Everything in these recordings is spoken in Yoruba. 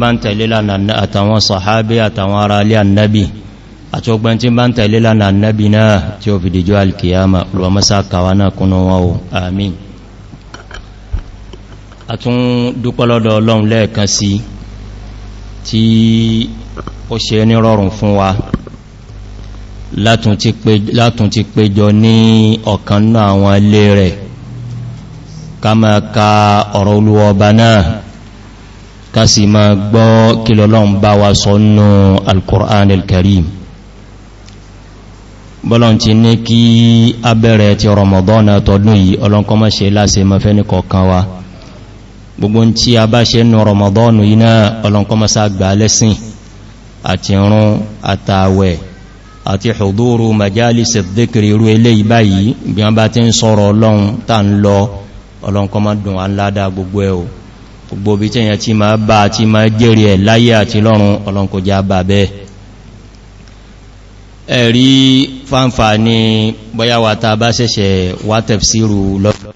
bá ń tẹ̀lé lánàá àtàwọn sàhábé àtàwọn ará alé annabi àti ọgbọ́n tí bá ń tẹ̀lé lánàá annabi náà tí ó fìdíjú alkiyama olùwàmọ́sá kàwà náà kúnnà wọn o amin a tún dúpọ́lọ́dọ̀ ọlọ́run lẹ́ẹ̀kan sí tí ó ṣe ní rọrùn fún wa látún ti péjọ ní ọ̀kan náà àwọn ilé rẹ̀ ká máa ka ọ̀rọ̀ olúwọba náà kasi ma gbọ́ kí bá wa sọ́nà al alkarim bọ́lọ̀n ti ní kí abẹ́rẹ̀ ti rọmọdọ́nà tọdún yìí ọlọ́nkọ́ mọ́ ṣe láṣe ma fẹ́ ní kọ̀ọ̀kan wa gbogbo tí a bá ṣe nù rọmọdọ́nù iná ọlọ́nkọ́ mọ́ sàgbà lẹ́sìn àti rún àtàwẹ̀ àti ṣùdúrú majalisi dhikri irú ilé ìbáyìí bí wọ́n bá ọlọ́nkọ́ mọ́ dùn aládá gbogbo ẹ̀ o gbogbo bí tí èyàn tí ma bá tí ma jẹ́rì ẹ̀ láyé àti lọ́run ọlọ́nkọjá bà bẹ́ẹ̀ ẹ̀rí fàǹfà ní bọ́yáwàta bá ṣẹ̀ṣẹ̀ wátẹ̀fsíru lọ́pọ̀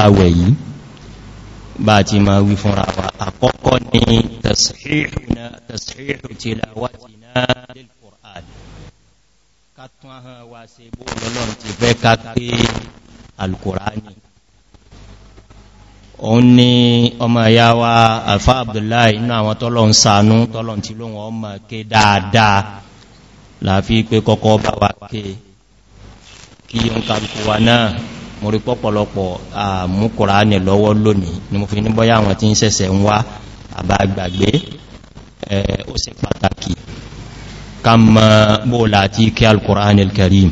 nǹkan bá ti máa wí fúnra wa àkọ́kọ́ ni tasihihu tilawatina lil-Qur'an kàtún ahọ́n wa ṣe bó lọ́lọ́n ti fẹ́ ká pé al-Qur'ani òun ni ọmọ ìyá wa alfa Abdullahi inú àwọn tọ́lọ̀n sànú tọ́lọ̀n tí lóhun ọmọ ké dáadáa láàfí pé kọ́kọ́ bá wa ké kí yóò kàrùkù wa náà mo rí pọ́pọ̀lọpọ̀ àmúkùrá nì lọ́wọ́ lónìí ni mo fi ní bọ́yá àwọn tí ń sẹ́sẹ̀ ń wá àbá gbàgbé ó sì pàtàkì ká mọ́ bóòlà àti kí alkùrá nì kẹrìm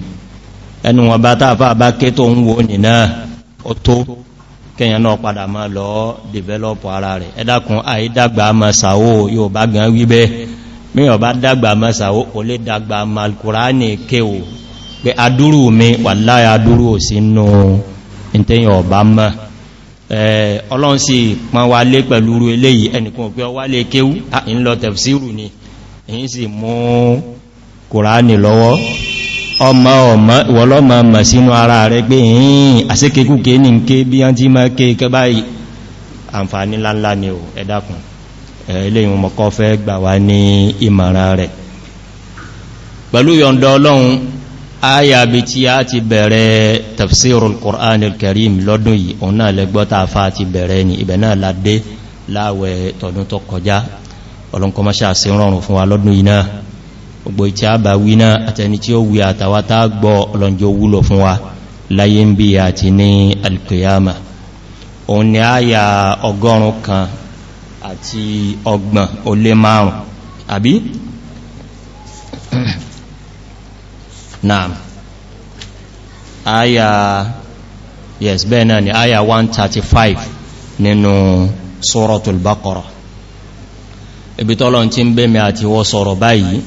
ẹnu wọn bá tààfà bá ké tó ń wo nì náà ó tó kẹyàn náà padà máa lọ dìvẹ́lọ́pù ara rẹ̀ ẹdàkùn àìdàgbà masáwó yóò pé adúrú mi wà láyé adúrú ò sí inú ìtẹ́yìn ọ̀bá mọ́ ọlọ́run sí pọn wa lé pẹ̀lú eléyìí ẹnìkan pé ọwá lè kéwú ń lọ tẹ̀fsíìrù ni èyí sì mú kùránì lọ́wọ́ ọmọ ọmọ ìwọlọ́mọ mọ̀ sínú ara rẹ̀ pé yìí àsíkèkúkè ní ké bí án tí máa ké kẹba pẹ̀lú yọ̀ndọ̀ ọlọ́run áyàbí tí a ti bẹ̀rẹ̀ tafsirul Qur'an al-Karim lọ́dún yìí òun náà lẹ́gbọ́ta afá ti bẹ̀rẹ̀ ní ibẹ̀ náà ládé láwẹ̀ tọdún tó kọjá ọlọ́nkọmọ́ṣà sí rọrùn fún wa lọ́dún yìí náà gbogbo ìtí àbá wí náà àti alkiyama òun ni àyà ọgọ́rùn kan àti ọgbọ̀n naam aya yes bẹ́ẹ̀ náà ni aya 135 nínú suratul baqarah ibi tọ́lọ̀ tí ń bẹ́ mẹ́ àti wọ́ sọ̀rọ̀ báyìí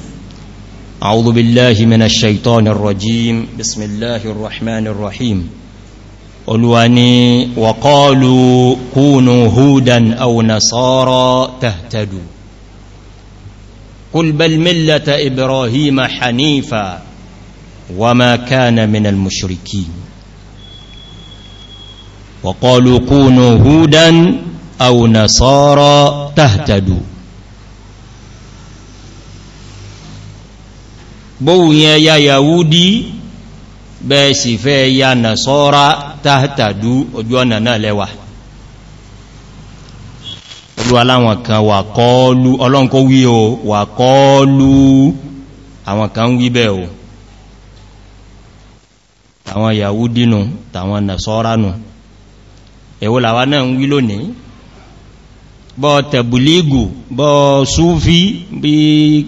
أعوذ بالله من الشيطان الرجيم بسم الله الرحمن الرحيم olúwani wàkọ́ọ̀lù kúnù húdan àwọnàsọ́rọ̀ tàhtàdù kúlbẹ̀lmílẹ̀ta ibrahim hanifa وما كان من المشركين وقالوا كونوا هودا أو نصارى تهتدوا بويا يا يهودي بس في يا نصارى تهتدوا أجوانا نالوا olúwa láwọn kan wà kọlu ọlọ́nkọ́ wí o wà kọlu àwọn kan wí bẹ́ o tàwọn yahudinu tàwọn nasọ́ránù èwo làwá náà ń wí lónìí bọ́ tẹ̀bùlígù bọ́ súfí bí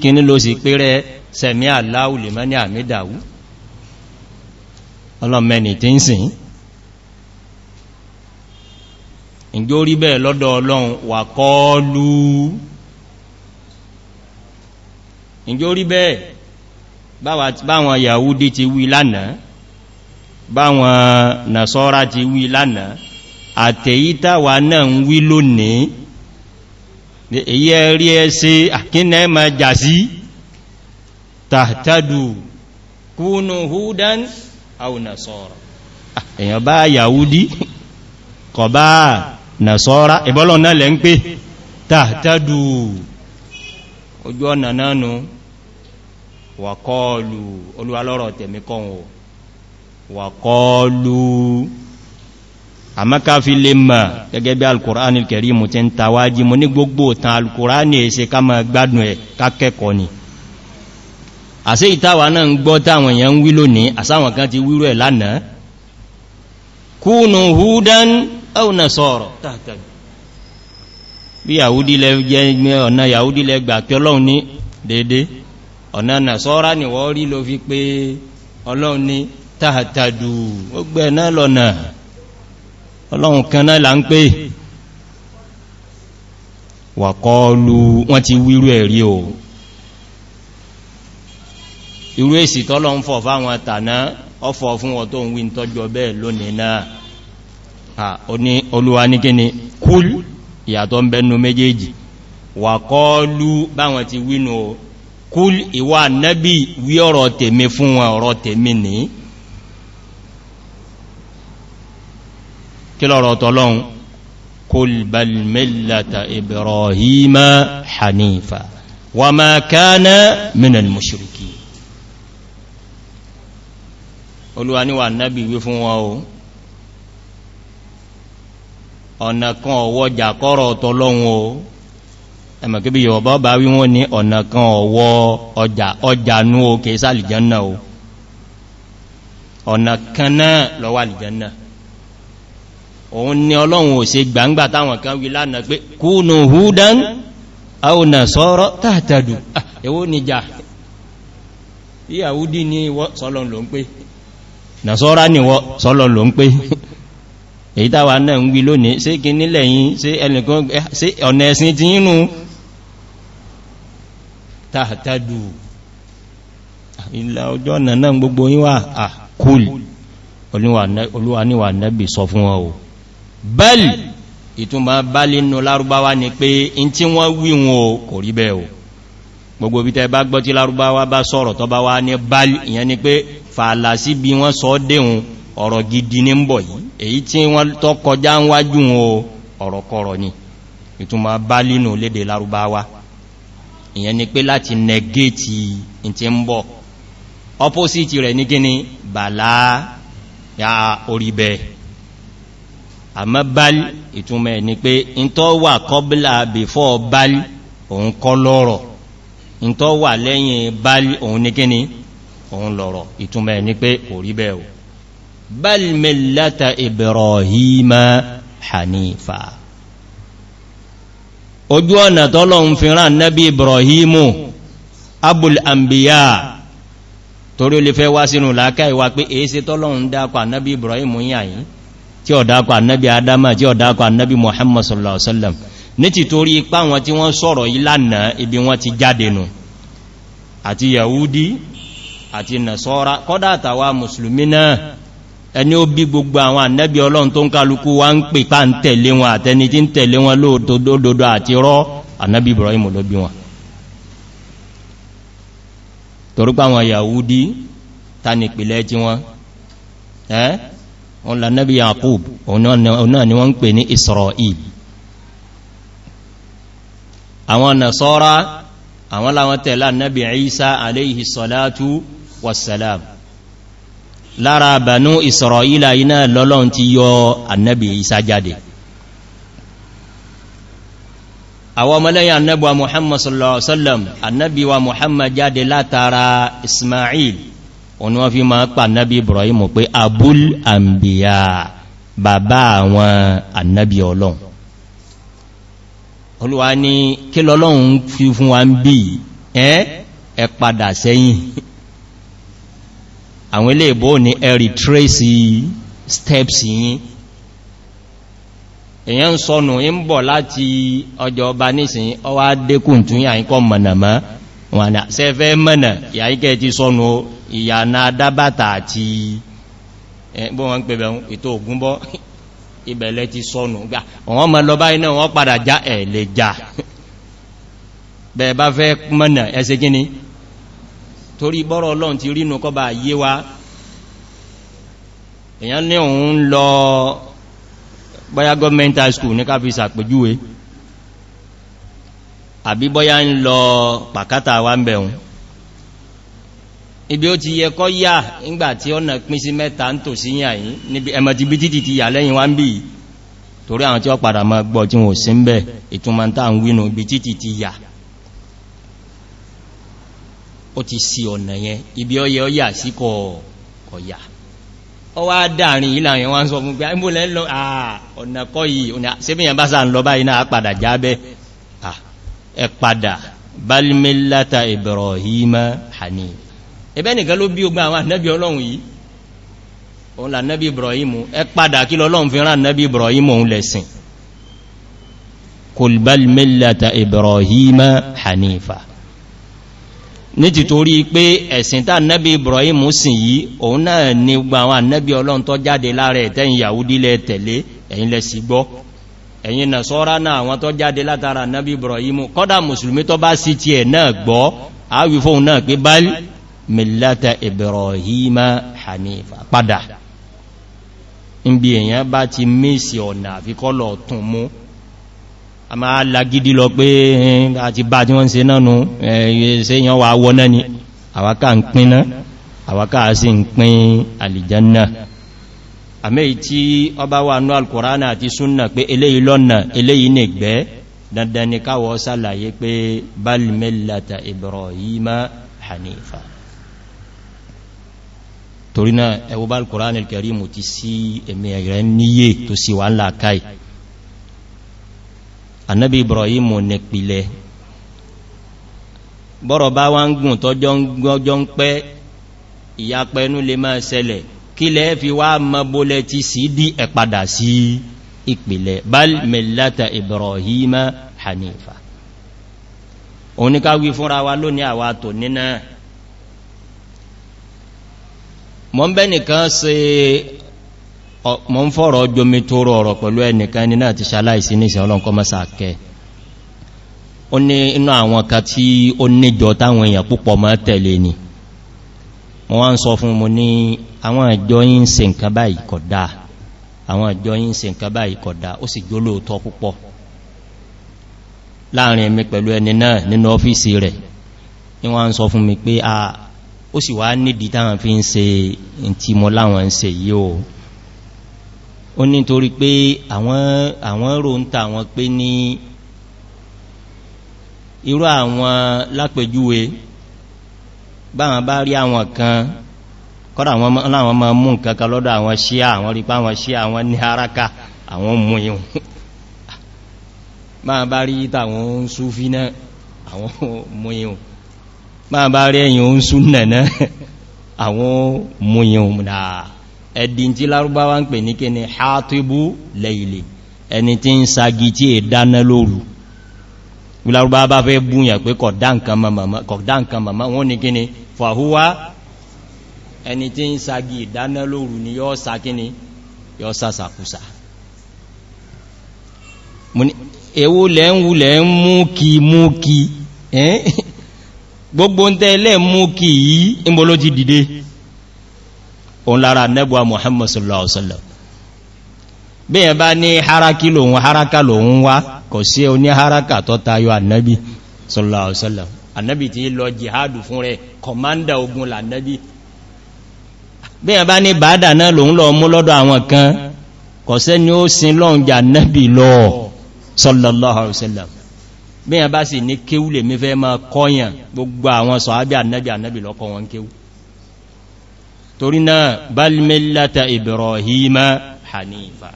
kíní ló sì pérẹ sẹ̀mí aláwù lè mọ́ ní àmìdàwú ọlọ́mẹ́ni tí ń sìn ìjó rí bẹ́ẹ̀ lọ́dọ̀ ọlọ́run wà kọ́ọ́lú ìjó rí bẹ́ẹ̀ báwọn yahudi ti wí lánàá báwọn nàṣọ́rá ti wí lánàá àtẹ̀yítà wa náà ń wí lónìí èyí ẹ̀rí ẹsẹ́ àkínẹ́ ma jà sí tàtàdù kúnù húdán àwọn nàṣọ́rá èyàn bá yàúdí kọ̀ bá nàṣọ́rá ìbọ́lọ̀ náà lẹ́ ń pé tàtàdù ojú ọ̀nà náà nù wàkọ́ọ̀lù olúwalọ́rọ̀ tẹ̀mí kọ́ wàkọlù àmọ́ká fi lè mọ̀ gẹ́gẹ́ bí alkùránì kẹrí mú ti ń tawájí mú ní gbogbo tàn alkùránì èsẹ ká mọ̀ gbádùn ẹ̀ kákẹ́kọ̀ọ́ ni àṣẹ ìtawà náà ń gbọ́ táwọn èèyàn ń wí lónìí àsáwọn kan ti wírò ẹ̀ lánàá kúnù ni wọ́n rí ló tààtàdù gbogbo ẹ̀nà e lọ́nà ọlọ́run kan náà là ń pé wàkọọlu wọ́n ti wírú ẹ̀rí o irú èsì tọ́lọ ń fọ̀ fáwọn tàná ọfọ̀ fún wọn tó ń wí tọ́jọ bẹ́ẹ̀ lónìí náà oní olúwa ní kíni kúl ìyàtọ̀ ń bẹnu méjèèjì wàkọọlu báwọn ti wínú kúl ìwà nẹ́bí wí ọ̀rọ̀ tèmi fún wọn ọ̀rọ̀ tèmi nìí kí lọ́rọ̀ tọ́lọ́un kọlbalmẹ́lata ibrahima hanifa wa ma kana minal mushiriki olúwa níwà nábi wí fún wọn o ọ̀nà kan ọwọ́ jàkọ́rọ̀ tọ́lọ́un o ẹmọ̀kí bí yọ̀bọ̀ bá wí wọ́n ní ọ̀nà kan ọwọ́ ọjà ọjà nú o náà ọ̀nà kan náà lọ́wọ́ àlìjẹ́ náà òun ni ọlọ́run ò se gbangba táwọn kan wí lánàá pé kúnù húdán àwọnà sọ́rọ̀ tààtàdù ẹwọ́ ah, níjà ìyàwúdí ni ìwọ́ sọ́lọ́n ló ń pé nàṣọ́rá ni ìwọ́ sọ́lọ́n ló ń pé èyí táwà náà ń wí lónìí sí kí nílẹ̀ yìí sí ẹnìkan sí eh, ọ̀nà ẹ̀sìn ti yínú tààtàdù ah, ìlà ọjọ́ ọ̀nà náà gbogbo yíwà àkúl ah, olúwa níwà nẹ́bì sọ fún ọ bẹ́ẹ̀lì ìtúnmà bá lè nù lárúbáwá ni pé in tí wọ́n wí wọn o kò rí bẹ́ẹ̀ o gbogbo bí tẹ́ bá gbọ́ tí lárúbáwá bá sọ̀rọ̀ tọ́ bá wá ní báyìí ìyẹn ni pé fààlà sí bí wọ́n sọ déhun ọ̀rọ̀ gidi ní ń bọ̀ yìí èyí tí wọ́n tọ́ ya orí àmọ́ báyí ìtumẹ̀ ni pé in wà kọbílà before báyí òun kọ lọ́rọ̀ in tó wà lẹ́yìn báyí òun ní kíni òun lọ́rọ̀ ìtumẹ̀ ni pé kò rí bẹ́ẹ̀ o bal ibrahima hanifa ojú ọ̀nà tọ́lọ̀un fi rán ibrahimu abul ambiya torí olè fẹ́ wá sínú làákà ìwà pé èése tọ́lọ̀un dápa nábi ibrahimu yìí tí ọ̀dákọ̀ annabi adama tí ọ̀dákọ̀ annabi muhammad sallallahu alaihi wasallam ní ti torí ipá wọn tí wọ́n sọ̀rọ̀ ìlànà ibi wọn ti jáde nù àti yahudi àti nasọ́ra kọ́dá àtàwà musulmi náà ẹni ó bí gbogbo àwọn annabi ọlọ́run tó ń kálukú wá ń pè pa ń tẹ̀lé wọn àtẹni tí ń tẹ̀lé wọn lóòdòdó àti rọ́ annabi ibrahim ló bí wọn torípa àwọn yahudi tani nìpìlẹ̀ tí wọ́n eh wọn la nabi yaqub ọ̀nà ni wọ́n ń pè ní israel àwọn nasọ́ra àwọn láwọn tẹ̀lá nabi isa aléhì sọ́látú wasalam lára bànú israel iná lọ́lọ́n ti yọ annabi isa jáde àwọn ọmọlẹ́yìn annabi wa muhammad sallallahu alaihi wasallam annabi wa muhammad jáde látara ismail òun wọ́n fi máa pà nábi ibrahim pé abúl àmbìyà bàbá àwọn annabi ọlọ́run olúwa ní kí lọ́lọ́run fi fún wa ń bí ẹ́ ẹ padà sẹ́yìn àwọn ilé ìbò ní ẹ̀rì tracy steps yìí èyàn ń sọnù ń bọ̀ láti ọjọ́ ọba nísìn ọwá dékùn tún yàíkọ́ mọ̀nàmọ́ wọn àṣẹ́fẹ́ mọ̀nà yàíkẹ́ ti sọnù o ìyànà adábàtà àti ẹgbọ́n wọn pẹ̀bẹ̀ ètò ògúnbọ́ ìbẹ̀lẹ̀ ti sọnù gbà wọ́n mọ́ lọ báyìí náà wọ́n padà já ẹ̀ lè já bẹ̀ẹ̀ bá fẹ́ mọ́nà ẹsẹ gíní torí bọ́rọ̀ ọlọ́run ti rínú kọ́ yé wa èyàn ní òun lọ bọ́yá government high school ní káfí sàpèjúwe àbí bọ́yá ń lọ pàkátà wa ń bẹ̀rún ibi ó ti yẹ kọ́ yà nígbàtí ọ̀nà pín sí mẹ́ta ń tò sí yà yìí níbi ẹmọ̀tí bí títì ti yà lẹ́yìn wá ń bí torí àwọn tí ó padà máa gbọ́ tí wọ́n sí ń bẹ̀ ìtumọ̀ tá ń wínú ibi títì ti yà ó ti sí ọ̀nà yẹn ibi ó yẹ ó yà sí kọ̀ ọ̀yà ó wá dáàrin ìlà yẹn wá ń sọ fún pé ìmúlẹ̀ lọ ọ̀nà kọ́ yìí ẹ̀bẹ́ nìkan ló bí ogun àwọn ànábì ọlọ́run yìí òun là nábì ibrahim ẹ padà kí lọ́lọ́run fi rán nábì ibrahim òun lẹ̀sìn kulbal millata ibrahim hanifa ní ti torí pé ẹ̀sìn tá nábì ibrahim sìn yìí òun náà ni gba àwọn ànábì ọlọ́run tó jáde lára ẹ̀tẹ́yìn yahudi lẹ tẹ̀lé ẹ̀yìn lẹ sí gbọ́ ẹ̀yìn nà náà àwọn tó jáde látara nábì ibrahim kọ́dà mùsùlùmí tó bá sí ti náà gbọ́ àwífóhun náà pé báyìí millata ibrahima hanifa padà ń bí èyàn bá ti mísì ọ̀nà àfikọ́lọ̀ tún mú a máa lagidi lọ pé àti bá tí wọ́n se nánu ṣe yàn wà wọ́n náà ni àwákà ń pín náà àwákà sí ń pín alìjánná àmẹ́ tí ọ bá wà ní alkùránà àti súnnà pé eléyìí lọ́nà eléyìí ní gbẹ́ sálàyé pé balmẹ́lata ibrahima hanifa torí náà ẹwọ bá al-Qur'an al-Karim ti sí ẹ̀mẹ̀ rẹ̀ níyè tó sì wà ńlá káì annabi Ibrahim ní pìlẹ̀ bọ́rọ̀ bá wá ń gùn tọ́jọ́ ń pẹ́ ìyapẹnú lè máa ṣẹlẹ̀ kí lẹ́ fi wá mọ́bólẹ̀ ti sí dí ẹ̀padà sí ìpìlẹ̀ bal millata Ibrahima hanifa oníkáwí fúnra wa lónìí àwa tò nínà mọ́ ń bẹ́ nìkan se mọ́ ń fọ́rọ̀ jomi tó rọrọ̀ pẹ̀lú ẹnìkan ní náà ti ṣaláìsí ní ìsìn ọlọ́nkọ́ mọ́sà kẹ ó ní inú àwọn kan tí ó níjọ táwọn èèyàn púpọ̀ mọ́ tẹ̀lé ni mo wá ń sọ fún mo ní àwọn àjọ yìí ń se nǹkan báyìí kọ̀dá àwọn àjọ yìí ń se nǹkan báyìí kọ̀dá ó sì jólóòtọ́ púpọ̀ láàrin mi pẹ̀lú ẹni náà nínú ọ́fíìsì rẹ̀ ni wọ́n ń sọ fún mi pé a ah, ó sì wá nídi táwọn fi ń se tí mọ́ láwọn ń se yíò ó nítorí pé àwọn rò ń ta wọn pé ní irú àwọn lápẹjúwe báwọn bá rí àwọn kan kọ́dà láwọn ma mú nǹkan kan lọ́dọ̀ àwọn ṣíà àwọn rí pá àwọn ṣíà àwọn ní haraka àwọn mú ihun báwọn bá rí tàwọn súnfí náà àwọn mú ihun máa bá rí ẹ̀yìn oún súnnà náà àwọn múyàn òmùdá ẹ̀dìn tí lárúbáwá ń pè ní kí ni hátibú lẹ́ilẹ̀ ẹni tí ń sagi tí è dáná lóru lárúbá bá fẹ́ búyàn pé kọ̀dá nǹkan màmá wọ́n ní kí ni fàhúwá ẹni tí ń sagi ìdáná lóru ni yọ́ sa kí ni yọ́ sàsàkúsà èwo lẹ́ ń wulẹ̀ ń mú kí mú kí gbogbo ń tẹ́lẹ̀ mú kí yí ìmọ̀ló ti dìde òun lára nẹ́bùwa mohamed sallallahu ala'uwa bí ẹ bá ní haraki lòun haraka lòun wá kò sí o ní haraka tó tayọ annabi sallallahu ala'uwa annabi ti lọ jihadu fún rẹ kọmanda ogun lannabi bí ẹ bá ní bàádà náà lòun lọ mú lọ́dọ̀ sallallahu ala'uwa bí i bá sì ní kéwú lè mí fẹ́ máa kọ́yàn gbogbo àwọn sọ̀hábí ànábì ànábì lọ́kọ́ wọn kéwú torí náà balmillata ibrahima hanifa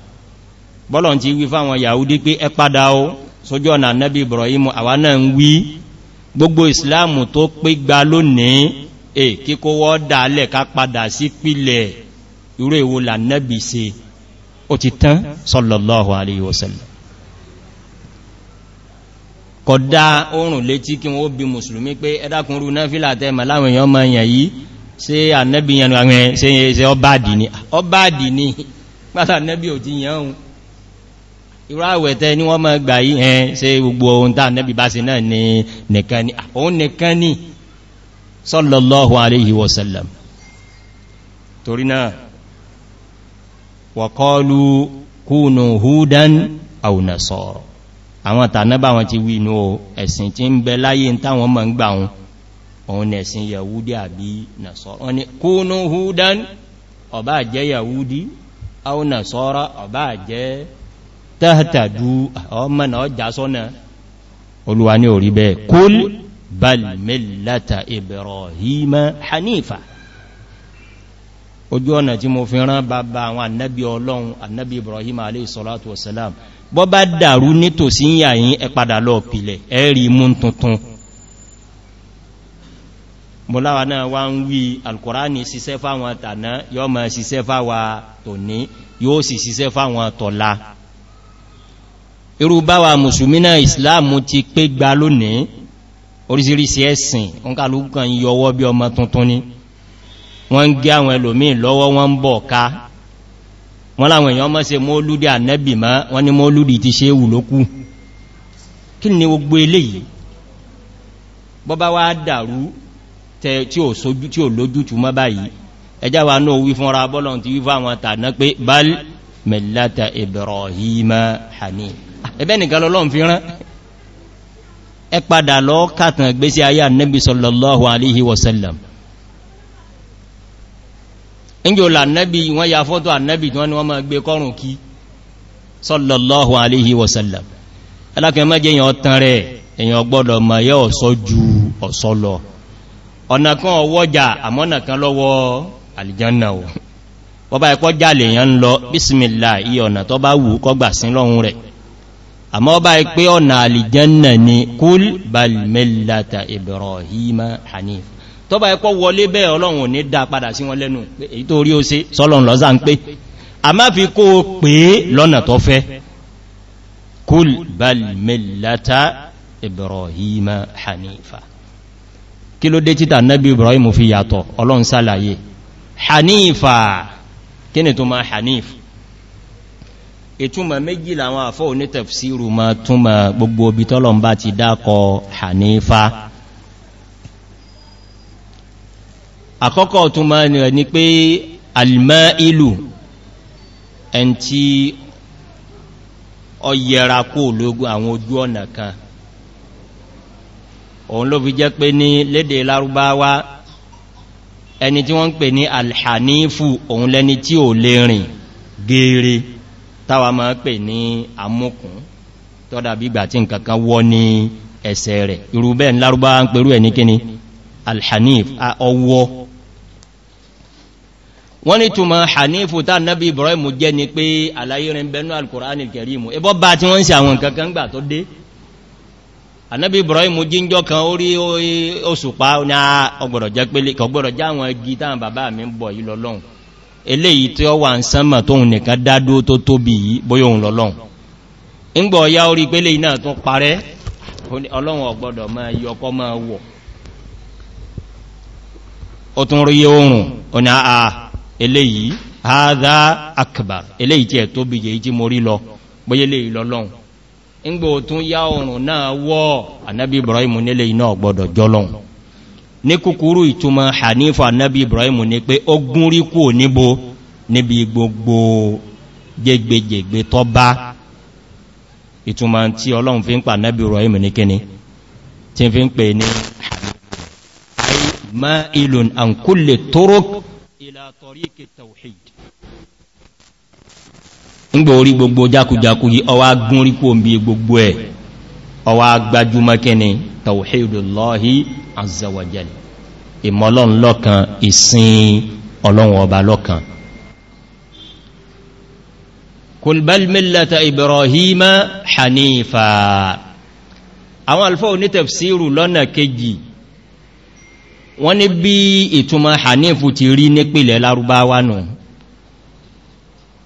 bọ́lọ̀n ti wí fáwọn yahudi pé ẹ padà ó sójú ọ̀nà ànábì ibrahim àwá náà ń wí gbogbo islamu tó pé gba lónìí e kíkó wọ́ dálẹ̀ ká padà sí pílẹ̀ irú èwo wasallam kọ̀dá oòrùn létí kí wọ́n bí musulmi pé ẹdákùnrù náà fílà tẹ́mà láwọn èèyàn ma yàn yìí ṣe ànẹ́bí yàn àwọn ṣe ọbáàdì ní ọbáàdì ní pàtà ànẹ́bí ò ti yàn ohun ìrọ àwẹ̀tẹ́ ni wọ́n ma gbà yí ẹn ṣe àwọn tànábà wọn ti wí inú ẹ̀sìn tí ń bẹ láyé ń táwọn mọ̀ ń gbà wọn òun ẹ̀sìn yahudi àbí nasọ́rọ̀ wọn ni kúnú húdán ọba jẹ́ yahudi àwọn nasọ́rọ̀ ọba jẹ́ tẹ́hẹ̀tàdú ọmọ náà sọ́nà olúwa ní orí bẹ́ẹ̀ kúl bal millata ibrahim hanifa ojú ọ̀nà tí mo fi rán bàbá àwọn annabi ọlọ́run annabi ibrahim aleyhisalatu wasalam bọ́ bá dàrú nítòsí yàyín ẹpadà lọ pìlẹ̀ ẹ̀rí mú tuntun mọ́láwà náà wá ń wí alkùránì síṣẹ́ fáwọn tàná yọ́ mọ̀ síṣẹ́ fáwà tòní yóò sì síṣẹ́ fáwọn tọ̀lá irú báwà musulmi náà islamu ti pé gba lónìí orísìírísìí ẹ̀sìn ń kàlùkàn yọwọ́ bí ọmọ tuntun ni wọ́n ń gé àwọn ẹlòmí lọ́wọ́ wọ́n ń bọ̀ ká wọ́n láwọn èèyàn mọ́ se mọ́lúdí ànẹ́bì mọ́ wọ́n ni mọ́lúdí ti ṣe wù lókú kí ni gbogbo eléyìí bọ́bá wá dàrú tí ò lójútù mọ́ báyìí ẹjá wa náà wí fúnra bọ́lọ̀ ti wí fún àwọn tàná pé bal mẹ́láta ìbẹ̀rọ̀hìmá hàní ẹbẹ́ nìkan lọ́lọ́n fi rán ẹ padà lọ́ kàtàn gbésí ayé níjòlá annabi wọ́n ya fọ́tọ̀ annabi tí wọ́n ni wọ́n máa gbé kọrùn kí sallallahu alaihi wasallam alákẹ̀mẹ́jẹ́ èyàn ọ̀tán rẹ̀ èyàn gbọ́dọ̀ ma yẹ́ ọ̀sọ́ ju ọ̀sọ́ lọ ọ̀nà kan ọwọ́jà àmọ́nà kan lọ́wọ́ alìjánà ò bá ẹ tọ́bà ẹ̀kọ́ wọlé bẹ́ẹ̀ ọlọ́run ò ní dá padà sí wọn lẹ́nu èyí tó rí ó sí sọ́lọ́run lọ́zà ń pé a má fi kó o pé lọ́nà tó fẹ́ kúl balmẹ́láta ibrahima hanifa kí ló dé títà nẹ́bí ibrahim fi yàtọ̀ ọlọ́run sálàyé hanifa kí ni tó máa hanif ìtumọ̀ méjì làwọn àfọ́ onítẹ̀fsíru ma túnmọ̀ gbogbo obi àkọ́kọ́ tún máa ní rẹ̀ ní pé alìmá ìlú ẹn tí ọ yẹra kó ológun àwọn ojú ọ̀nà kan òun ló fi jẹ́ pé ní lédè lárúbáwá ẹni tí wọ́n ń pè ní alhanifu òun lẹni tí ò lè rìn gẹ́ẹ̀rẹ́ táwà máa pè ní amókùn tọ́dà bí ìgbà tí nkankan wọ́ ní ẹsẹ̀ rẹ̀ irú bẹ́ẹ̀ lárúbáwá ń pèrú ẹ̀ ní kíni alhanif ọwọ́ wọ́n ní túnmọ̀ hanifu tá nábi ibrahim jẹ́ ni pé àlàyé rẹ̀ bẹnu alkùránì kẹrìmù ẹbọ́ bá tí wọ́n ń se àwọn kankan gbà tó dé ànábí ibrahim jíjọ kan orí òṣùpá ní ọgbọ̀rọ̀ jẹ́ pé kọgbọ̀rọ̀ já àwọn igi táwọn bàbá mi ń bọ̀ yìí lọ́lọ́un eléyìí tí ó wà ń sánmà tóhun nìkan dádó tó tóbi yìí bóyá òun lọ́lọ́un ńgbọ̀ ya orí pélé iná tún parẹ́ ọlọ́run ọgbọ̀dọ̀ máa yọ ọkọ́ máa wọ̀ ó tún rí oòrùn ó àà eléyìí haza akbar eléyìí tí ẹ̀ tó bí yìí tí mo rí lọ bóyélé ìlọ́lọ́un ńgbò tún yá oòrùn náà wọ́ anábí ibrahim nílé iná ọ̀gbọ́dọ̀ jọlọ́un ní kúkúrú ìtumọ̀ hanifa anábí ibrahim ní pé ó gún rí kú níbo níbi gbogbo jẹgbẹjẹgbẹ tọ́ ìtumọ̀ tí ọlọ́run fi ń pa anábí ibrahim ní kíni tí fi ń pè ní ma ilun an kulle torok ìlà tọ̀ríkì tawhid ngbò orí gbogbo jákùjákù yí ọwá gúnrí kú òmí gbogbo ẹ̀ ọwá gbájúmọ́ kíni tawhidullahi azawajal ìmọ̀lọ́n lọ́kan ìsin ọlọ́run ọba lọ́kan kùlbal millata ibrahima hanifa lọ́nà kejì wọ́n ní bí ìtumọ̀ hanifu ti rí nípìlẹ̀ lárúbáwá nù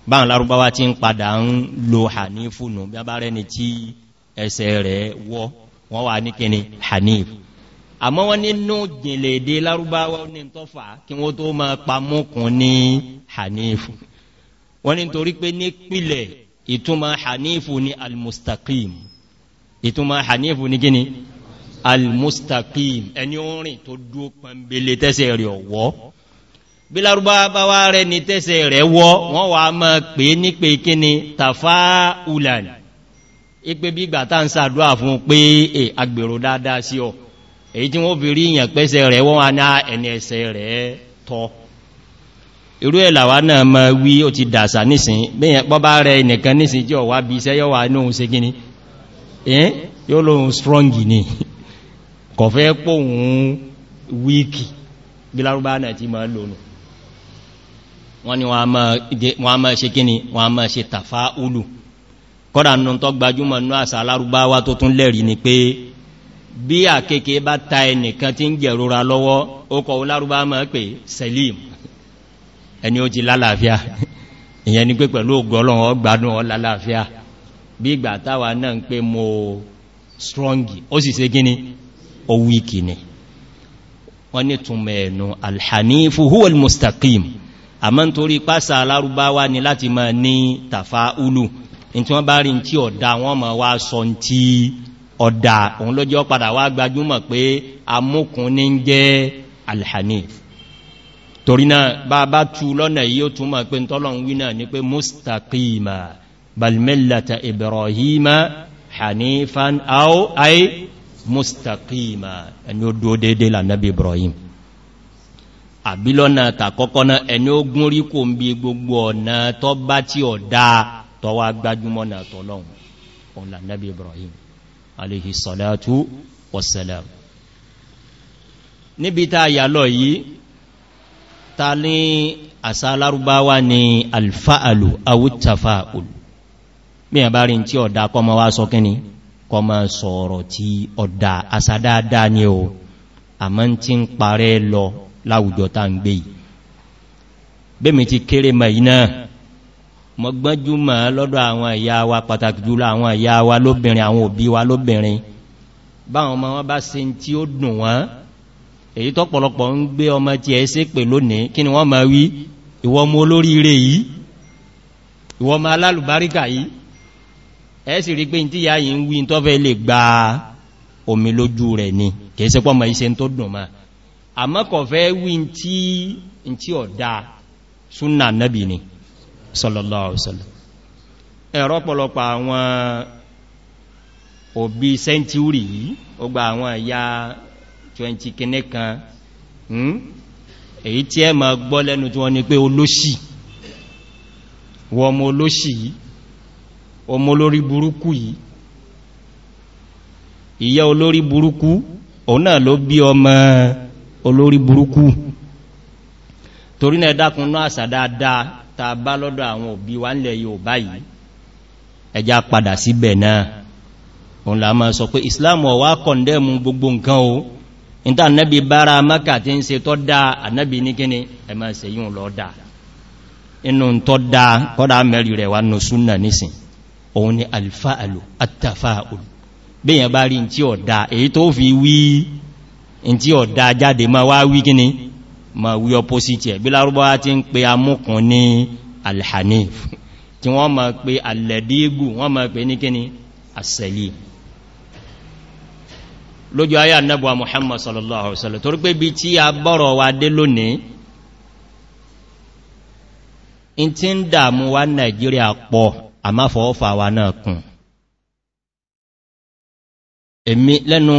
báwọn lárúbáwá ti ń padà ń lo hanifu nù bí a bá rẹni tí ẹsẹ̀ rẹ̀ wọ́ wọ́n wà ní kíni hanif àmọ́ wọ́n nínú jìnlẹ̀ èdè lárúbáwá ní tọ́fà kí wọ́n tó máa pamọ́kùn ní hanifu wọ́n ní torí pé nípìlẹ̀ ìtumọ̀ hanifu ní almustaqim ìtumọ̀ hanifu ni kíni al-mustaqim ẹni orin tó dúó pẹ̀mbele tẹ́sẹ̀ rẹ̀ ọ̀wọ́ bí lárúbá bá wá rẹ̀ ní tẹ́sẹ̀ rẹ̀ wọ́ wọ́n wà mọ́ pé ní pé kí ni tàfá ulan ipé bí gbà tá ń sàdúwà fún pé è agbèrò dáadáa sí ọ èyí tí wọ́n fi rí ìyàn pẹ́sẹ̀ rẹ̀ wọ́n wá ná ah, ẹni ẹsẹ̀ rẹ̀ tọ́ irú ẹ̀làwà náà mọ́ wí yóò lóhun strong ni kọ̀fẹ́ pòhun wíkì bí lárúbá náà ti máa lónù wọ́n ni wọ́n a máa ṣe kíni wọ́n a máa ṣe tàfá olù kọ́dà nù tó gbajúmọ̀ ní àṣà lárúbá wá tó tún lẹ́rì ni pé bí àkékè bá ta ẹnìkan tí ń jẹ̀rora lọ́wọ́ ó kọ̀ lárúbá mo strongi ó sì ṣe gíní ó wíkì ni wọ́n ní túnmẹ̀ ẹ̀nu alhanifu huwal mustaqim a mọ́ nítorí pásá alárúbáwá ni láti máa ní tàfà ulu in tí wọ́n bá rí tí ọ̀dá wọ́n ma wá sọ tí ọ̀dá òun lọ́jọ́ padà wá gbajúmọ̀ pé amókun ní jẹ́ alhanif torí náà bá bá tú lọ́nà yí ó túnmọ̀ pé tọ́lọ̀un náà ni pé mustaqima balmillata ibrahima hanifan au ai mustaqima ẹni ó dúó déédé lànàbí ibrahim àbílọ́nà tàkọ́kọ́ náà ẹni ó gún rí kò ń bí gbogbo ọ̀nà tọ́ bá tí ọ̀ dáa tọ́wà gbájúmọ́ náà tọ́lọ́hun ọ̀nà nàbí ibrahim aléhì sọ̀látú wọ̀sẹ̀lẹ̀ níbi tá a yà lọ yìí ta ní àsá lárúbáwá ni alfa'alu awútafa'ul bí ẹ̀bá rí tí ọ̀dá kọmọ wá sọ kíni kọ ma sọ̀rọ̀ tí ọ̀dà asádáadá ní o a ma ń tí ń parẹ́ lọ láwùjọ ta ń gbé yìí bẹ́mi ti kéré mọ̀ iná mọ̀gbọ́njú mọ̀ lọ́dọ̀ àwọn ìyá wa pàtàkì jùlọ àwọn ìyá wa lóbìnrin àwọn òbí wa lóbìnrin báwọn ọmọ wọn bá se tí ó dùn wọ́n èyí tọ́pọ̀lọpọ̀ ń gbé ọmọ tí ẹ sí pè lónìí kí ni wọ́n ma wí ìwọ ọmọ olóríire yìí ìwọ ọmọ alálùbáríkà yìí ẹ̀ẹ́sì rí pé tí yáyí ń wí tó fẹ́ lè gba omi lójú rẹ̀ ni kìí sí pọ́mọ̀ iṣẹ́ tó dùn ma àmọ́kọ̀ fẹ́ wí tí ọ̀dá súnà nábì ni sọ́lọ̀lọ́ hmm? èyí tí ẹ ma gbọ́ lẹ́nu tí wọ́n ni pé olóṣì wọ́n mọ́ olóṣì ọmọ olórí burúkú yìí ìyá olórí burúkú òun náà ló bí ọmọ olórí burúkú torí náà dákun náà àṣà dáadáa ta bá lọ́dọ̀ àwọn òbí wa ń lẹ̀ yóò báyìí ẹja padà síbẹ̀ náà òun là máa sọ pé islam ọ̀wá kọ̀ndẹ́mù gbogbo nǹkan o níta annabi bára maka ti ń se tọ́ da annabi ní kíni ẹ máa se yíò lọ́ da inú tọ́ da kọ́dá mẹ́rin rẹ̀ wa nù súnà nísìn òun ni alfa'alu attafa'ul bíyàn bá rí tí ọ̀dá èyí tó fi wí tí ọ̀dá jáde ma wá wí gíní ma wí opposite ẹ̀ bí lárúbáwá ti ń pe amúkùn ní alhanif tí wọ́n ma pe alẹ́dígù wọ́n ma pe ní kíní asẹ́lì lójú ayé annabuwa muhammad sallallahu alaihi wasallam torí pé bí tí a wa dé lónìí in wa nàìjíríà pọ̀ àmáfọ́ọ́fà wa náà kùn èmi lẹ́nu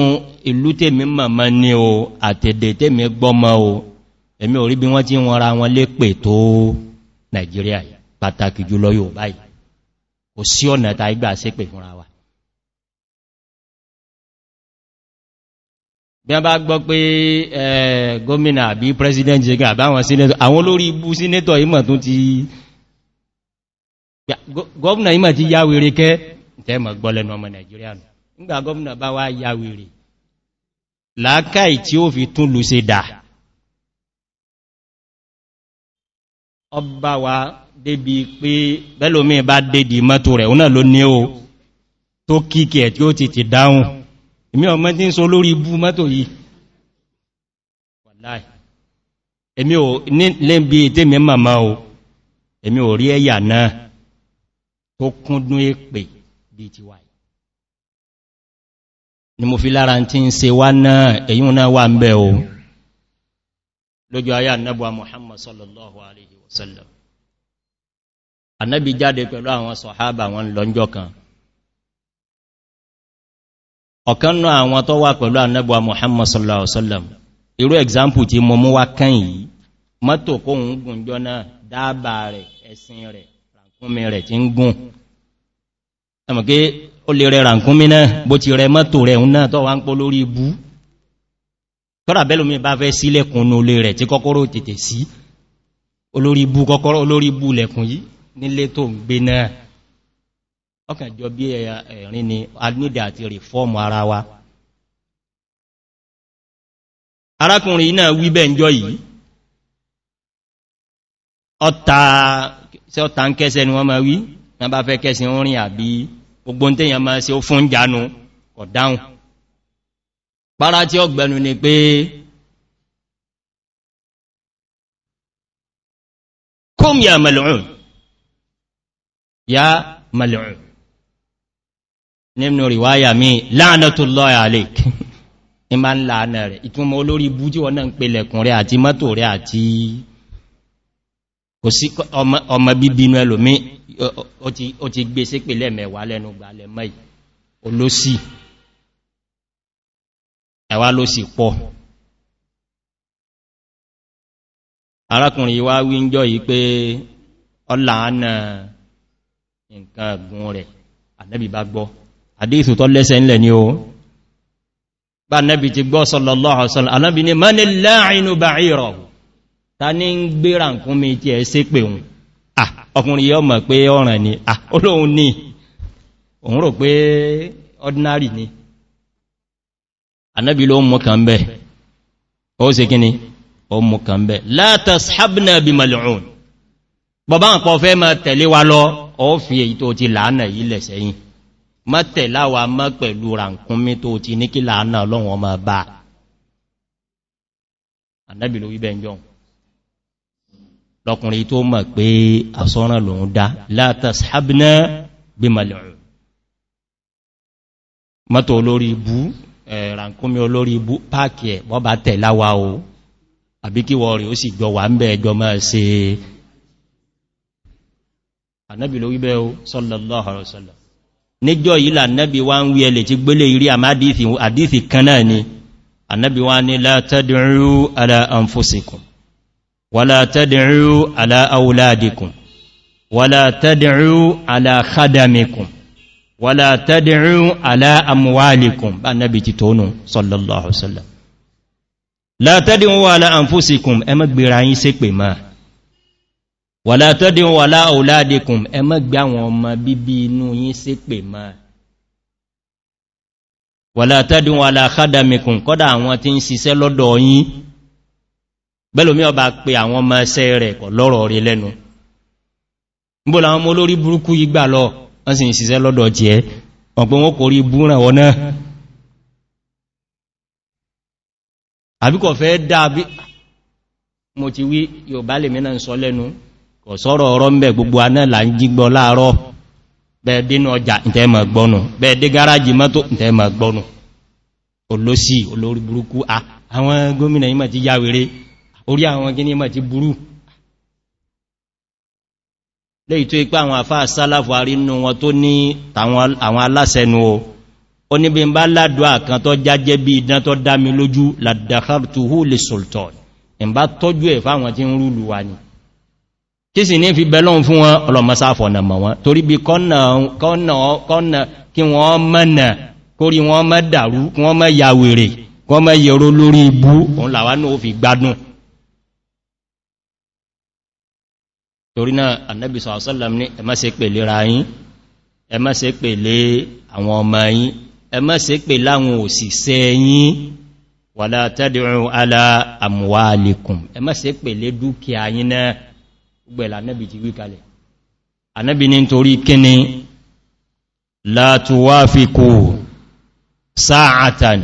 ìlú tèmi mọ̀mọ́ ní o àtẹ̀dẹ̀ tèmi gbọ́mọ́ o èmi orí bí wọ́n tí wọ́n ra wọn lé pè tó nàìjíríà pàtàkì jùlọ yóò báyìí kò sí ọ̀nà ta igbá sí pè fúnra wa bí a bá gbọ́ pé gómìnà àbí president jẹ́gà àbáwọn sínétọ̀ àwọn olórí ibú sínétọ̀ ìmọ̀ tún ti gọ́ọ̀nà ìmọ̀ ti yá wèrè kẹ́ tẹ́mọ̀ gbọ́lẹ̀nà ọmọ nàìjíríà nù ńgbà gọ́ọ̀nà bá wá yá wèrè tí ó fi tún lù sí dà ọba wa débi pé bẹ́lómi bá dédì mọ́tò rẹ̀ òun ló ní o tó kíkẹ̀ tí ó ti ti dáhùn èmi ọmọ tí ń so lórí mọ́tò yìí èmi ò ní o èmi ò rí ẹ̀yà náà tó kúndún èpè bí ti wà ni mo fi lára tí ń se wá náà èyí náà wà ń bẹ́ o lójú ayá annabuwa muhammad sallallahu alaihi wasallam annabi jáde pẹ̀lú àwọn sọ̀hábà wọn lọ́njọ́ kan ọ̀kan náà àwọn tó wà pẹ̀lú annabuwa muhammad sallallahu alaihi wasallam irú example ti mọ mú wá kán yìí mọ́tò kóhun gùnjọ́ náà dáàbà rẹ̀ ẹ̀sìn rẹ̀ kúnmi rẹ̀ ti ń gùn ẹmọ̀ké ó lè rẹ̀ ràǹkúnmí náà bó ti rẹ mọ́tò rẹ̀ ń náà tọ́ wá ń pọ́ lórí ibú kọ́rà bẹ́lómi bá fẹ́ sílẹ̀kùn olè rẹ̀ tí kọ́kọ́rọ́ tètè sí olórí ibú kọ́kọ́rọ́ olórí ibú lẹ̀kùn yìí nílé tó ń gbé náà sí ọ̀ta ń kẹsẹ̀ ni wọ́n ma wí wọ́n bá fẹ́ kẹsẹ̀ orin àbí gbogbo ń tèyàn ma ṣe ó fún jánu ọ̀dáhùn para tí ọgbẹ̀nu ni pé kóm ya mal'un ya mal'un nínú ríwáyà mi láàánàtúlọ́ àlèk ní ma ń láàánà rẹ̀ ìtúnmọ̀ olórí bú tí wọ́n náà ń pè lẹ̀kùn rẹ̀ àti mọ́tò rẹ̀ àti kò sí ọmọ bíbí inú ẹlòmí ó ti gbé sí pé lẹ́mẹ̀wà lẹ́nu gbà lẹ́mọ́ yìí olóòsì ẹ̀wà ló sì pọ̀ arákùnrin wá wíńjọ́ yìí pé ọlá ánà nǹkan gùn rẹ̀ ànẹ́bì bá gbọ́ àdéhìtù tó lẹ́sẹ̀ ńlẹ̀ ni o bá nẹ́bì ti gbọ́ sọ́lọ́lọ́ ta ní ń gbéra nǹkan mi tí ẹ sí pé òun ọkùnrin yọ mọ̀ pé ọ̀ràn ni olóhun ní òun rò pé ordinary ni anábi ló mú kan bẹ́ ó sì kí ni ó mú kan bẹ́ látàs habna bí mal'un bọ̀bá nǹkan fẹ́ ma tẹ̀lé wa lọ ó fi èyí tó ti láànà yìí lẹ̀ sẹ́yìn mọ́ tẹ̀láwà mọ́ pẹ̀lú ràǹkúnmí tó ti ní kí láànà ọlọ́run ọmọ bá anábi ló ń jọun lọ́kùnrin tó mọ̀ pé àsọ́ràn lòun dá látàṣàbìnà bí malẹ̀rù mọ́tò olórí ibú ẹ̀rànkúnmí olórí ibú páàkì ẹ̀ wọ́n bá tẹ̀ láwá o àbí kí wọ́n rí ó sì jọ wà ń bẹ́ ẹjọ máa se ànábì lórí bẹ́ o wàlá tẹ́dìrú àlá àwùládìkùn wàlá tẹ́dìrú àlá kádàmìkùn wàlá tẹ́dìrú àlá àmúwálìkùn bá nábi ti tónù sallallahu sallam látẹ́dìrú wàlá àǹfúsìkùn ẹmọ́ gbèrà yí sí pè máa wàlá tẹ́dìrú àlá àwùládìkùn ẹmọ́ gbé àwọn ọmọ bíbí inú yí sí pè máa wàlá tẹ́dìrú àlá bẹ́lòmí ọba pé àwọn ọmọ ẹsẹ́ rẹ̀ kọ̀ lọ́rọ̀ rí lẹ́nu gbọ́ láwọn ọmọ olórí burúkú lọ wọ́n sì ń siṣẹ́ lọ́dọ̀ jẹ́ wọn kò rí náà àbíkọ̀ fẹ́ mo ti wí lè ń sọ lẹ́nu kọ̀ sọ́rọ̀ ọ̀rọ̀ gbogbo aná là ń jígbọ́ láàárọ̀ dénú ọjà gbọ́nù dé gáràjì mọ́tò gbọ́nù olóṣì olórí orí àwọn gíní mọ̀ ti burú léyìí tó ipá àwọn àfáà sálàfù àrínú wọn tó ní àwọn aláṣẹnu o ó ní bí n bá ládùá kan tó jájẹ́ bí idán tó dá mi lójú ládàkàtúhù lè sultan n bá tọ́jú ẹ̀ fáwọn tí wọn ọlọ́mọsáfọ̀ nà wọn torí yàwèrè wọ́n mọ̀ yẹ̀rọ lórí ibú òun làwọn náà fi gbádùn torí náà annabi sọ̀rọ̀sọ́lọ́m ní ẹmá se pè lè ra yín ẹmá se pè lè àwọn ọmọ yín ẹmá se pè láwọn òsìsẹ́ yín wà látẹ́dìrún ala àmúwà alìkùn ẹmá se pè lè dúkìá yín náà gbẹ̀lá annabi ti wí kalẹ̀ annabi ní torí kíni látúwáfikò sáàtàn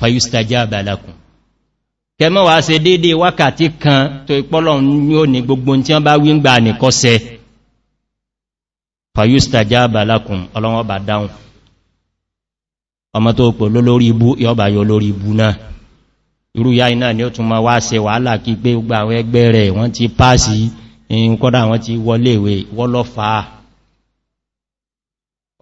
fayústajábàlákùn kẹmọ́ wà se dédé wákàtí kan tó ìpọ́lọ̀ ní ó ní gbogbo tí wọ́n bá wí ń gbà nìkọ́sẹ̀ fayústàjá balakùn ọlọ́wọ́ bá dáhùn ọmọ tó pò lólórí ibú yọba yọ lórí ibú náà irú ya iná ni ó tún ma wá se wàhálà kí gbé gbà àwọn ẹgbẹ́ rẹ̀ wọ́n ti páàsì in kọ́dá wọ́n ti wọléèwé wọ́lọ́fàá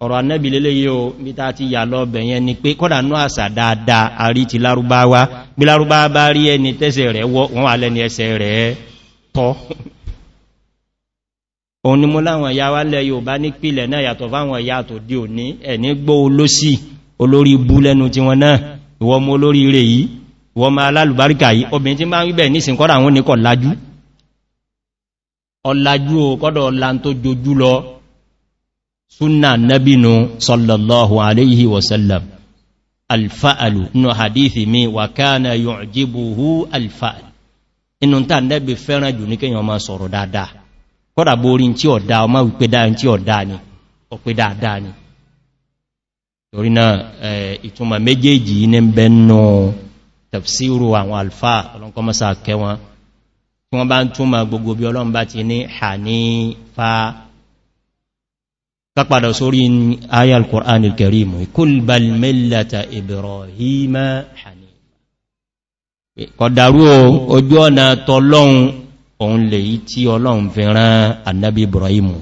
ọ̀rọ̀ annabi lélé yíò bí ta ti yà lọ bẹ̀yẹn ni pé kọ́dà ní àṣà dáadáa àrí ti lárúbáwá bí lárúbáwá bá rí ẹni tẹ́sẹ̀ rẹ̀ wọ́n wà lẹ́ni ẹsẹ̀ rẹ̀ tọ́ òun ni mo láwọn ẹ̀yà wá lẹ́ yóò bá ní pìlẹ̀ náà yàtọ̀ o kọ́dọ̀ ọlá súnà nábínú sallallahu alaihi wasallam alfa'alu inú hadithi mi wà káàna yóò jíbuhu alfa'al inú ta nẹ́bí fẹ́ràn jù ní kíyàn ma sọ̀rọ̀ dáadáa kọ́dà borí tí ó dá ọmọ wípé dáa tí dáadáa ni torí náà ìtumà méjèèjì ní bẹ́nu tafsiru àwọn alfa ọlọ́nkọ́mọ́sà kẹwọn tí wọ́n bá ń túnmà gbogbo bí ọlọ́mbá ti ní hanifa kápadà sórí ayal ƙor'an ìkẹrìmù kúlbal mẹ́lẹ̀ta ìbìrọ̀hìmá hàní kọ̀dàrú ojú ọ̀nà tọ́lọ́un òun lè yí tí ọlọ́un fi rán annabi ibrahimu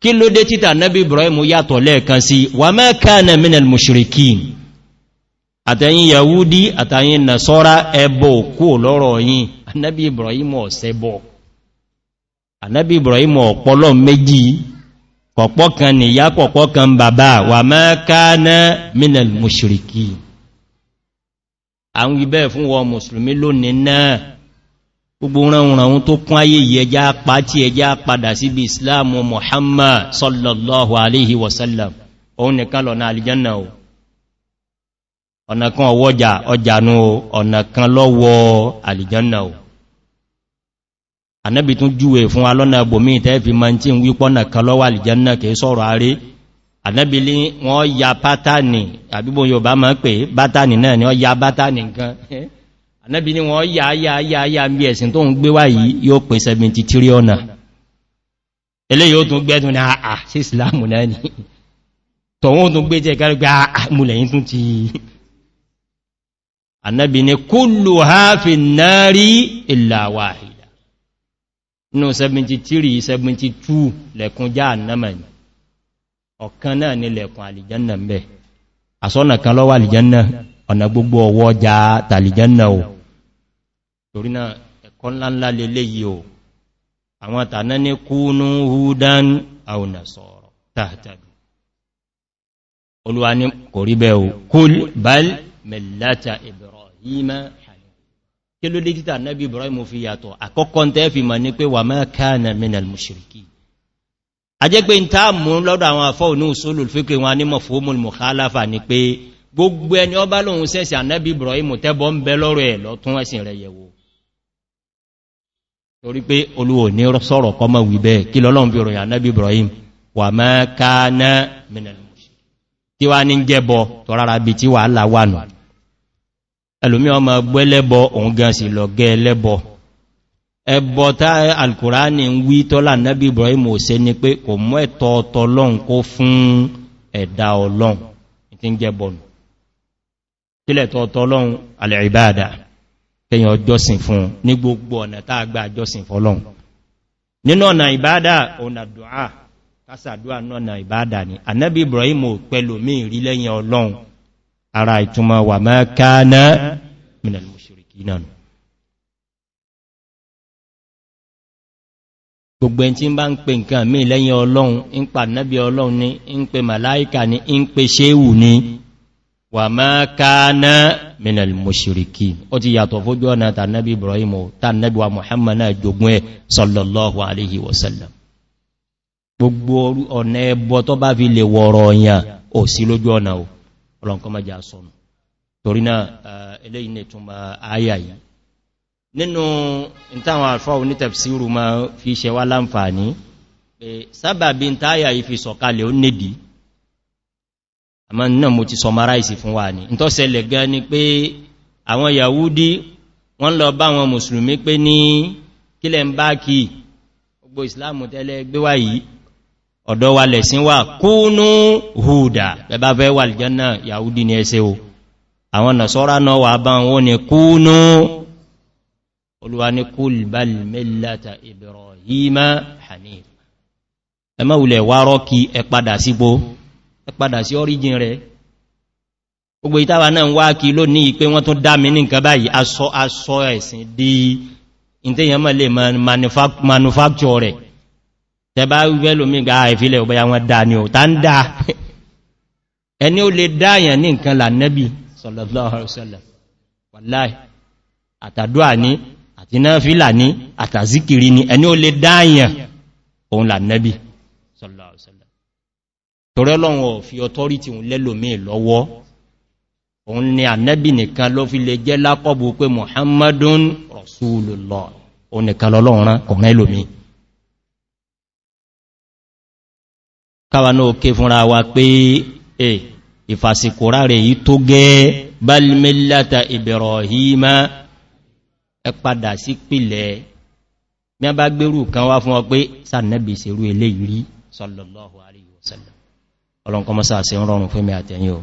kí ló dé títà annabi ibrahimu yàtọ̀ lẹ́ẹ̀kan sí wà mẹ́kànà minal mushrikin annabi ibrahimu ọ̀pọ̀lọ́ méjì pọ̀pọ̀ kan nìyá pọ̀pọ̀ kan bàbá wà máa ká náà minal mushiriki àwọn ibẹ̀ fún wọ mùsùlùmí lónìí náà gbogbo ránwọ̀n tó kún ayé yẹjá pàtí ẹjá padà síbi islamu muhammad sallallahu alaihi wasallam òun nìkan lọ náà alìjánà o ọ̀nà kan ọwọ́jà ọjà nù ọ̀nà kan lọ́wọ́ alìjánà o anábi tún júwe fún wa lọ́nà ẹgbòmí tẹ́fì ma tí ń wípọ́ nà kan lọ́wà àlìjánà kìí sọ̀rọ̀ ààrẹ anábi lé wọ́n ya pátánì àbíbò yóòbá ma ń pè bátánì náà ni wọ́n ya bátánì nǹkan anábi ni wọ́n ya ya ya ya bí ẹ̀sìn tó ń gbé wá yìí yóò pè 73 ọ̀nà eléyìí ó inú 73 72 lẹ̀kùn já ànámàní ọ̀kan náà ni lẹ̀kùn àlìjánà mẹ́ àsọ́nà kan lọ́wọ́ àlìjánà ọ̀nà gbogbo ọwọ́ já tàlìjánà o torí náà ẹ̀kọ́ ńláńlá lélé yìí o àwọn tàná ní kúnú húdán àwọnà sọ̀rọ̀ tààtàdù olúwa bal mẹ́láta ìbẹ̀rọ̀ kí ló lékítà náàbí ibrahim fi yàtọ̀ àkọ́kọ́ tẹ́ fi mọ̀ ní pé wà máa káànà minal mushiriki a jẹ́ pé n ta mú lọ́dọ̀ àwọn afọ́ òní òṣòlù fíkì wọn ní mọ̀fóòmùl ni pé gbogbo ẹni ọba ibrahim tẹ́bọ̀ ń bẹ lọ́rọ̀ ẹ̀ lọ́tún ẹ̀sìn rẹ̀ yẹ̀wò torí pé olúwo ní sọ̀rọ̀ kọmọ wì bẹ́ẹ̀ ibrahim wà máa káànà minal mushiriki tí wá ní jẹ́bọ tọ́rara ẹlòmí ọmọ gbẹ́lẹ́bọ òun gan sí lọ gẹ́ ẹlẹ́bọ ẹbọ tá alkùránì ń wí tọ́lá nẹ́bí ibrahim òsẹ ni pé kò mọ́ ẹ̀tọ́ ọ̀tọ́ lọ́n kó fún ẹ̀dà ọlọ́n tí ń jẹ bọ̀nù kílẹ̀ tọ́ọ̀tọ́ lọ́n alẹ́rìbáadà kẹyàn ọjọ́sìn fún ní gbogbo ọ̀nà ni anẹ́bí ibrahim ò pẹlòmí ìrí lẹ́yìn ọlọ́run ara ìtumọ̀ wà máa ká náà mìnà mùsùlùmí náà gbogbo ẹn tí ń bá ń pè nǹkan mí lẹ́yìn ọlọ́run ń pa náàbí ọlọ́run ní ń pè màláìkà ní ń pè ṣéwù ní wà máa ká náà mìnà mùsùlùmí ó ti yàtọ̀ fójú ọ̀nà tànàbí ibrahim tànàbí wa muhammad jogun ẹ sọlọ́lọ́hu aléhi wasallam gbogbo ọ̀nà ẹbọ tó bá fi lè wọ̀rọ̀ ọ̀yàn ò sí lójú ọ̀nà o ọlọ́nkọ́ má jà sọnù torí náà eléyìn ní túnmà ayà yìí nínú ìtàwọn àfọ́ onítẹ̀fsíru ma fi ṣe wá láǹfààní pé sábàbí ìtàyà yìí fi sọ̀kalẹ̀ ó nèdì àmá náà mo ti sọmaráìsì fún wa ní ìtọ́sẹ̀lẹ̀ gan ni pé àwọn yahudi wọ́n lọ bá àwọn mùsùlùmí pé ní kílẹ̀ ń bá kí gbogbo ìsìláàmù tẹ́lẹ̀ gbéwà yìí ọ̀dọ́ wa lẹ̀sìn wà kúnú hùdà bẹba fẹ́ wà lìjọ́nà yàúdí ní ẹsẹ o àwọn nàṣọ́rá náà wà bá wọn ni kúnú olúwa ní kúlbàlmẹ́láta ìbìrọ̀hìmá hàní ẹmọ́ ulẹ̀ wá rọ́kí ẹpadà sígbó ẹpadà sí orígin rẹ̀ gbogbo ìtawà náà ń wá kí lónìí pé wọ́n tún dá ní nǹkan báyìí asọ́ ẹ̀sìn di ìtẹ́yẹmọ́ lè manufacture rẹ̀ tẹbá wíwẹ́ lómi ga ìfilẹ̀ ọ̀bẹ̀yà wọn dáa ni ò tá ń dáa ẹni ó lè dáyàn ní nǹkan lànẹ́bì torí ọlọ́run ò fi ọtọ́rítì òun lẹ́lòmí lọ́wọ́ òun ni ànẹ́bì nìkan ló fi lè jẹ́ lápọ̀bù pé mohammadun rasulullah òun nìkan lọ́lọ́run rán kọ̀rán káwà náà ké fúnra wa pé e ìfàsìkòrá rẹ̀ yí tó gẹ́ balmillata ibrahima ẹ padà sí pìlẹ̀ bí a bá gbérù kan wá fún ọ pé sànẹ́bì ìṣerú ilé ìrí sallallahu alayhi wasallam ọlọ́nkọmọ́sá sí rọrùn fún mi àtẹ̀yìn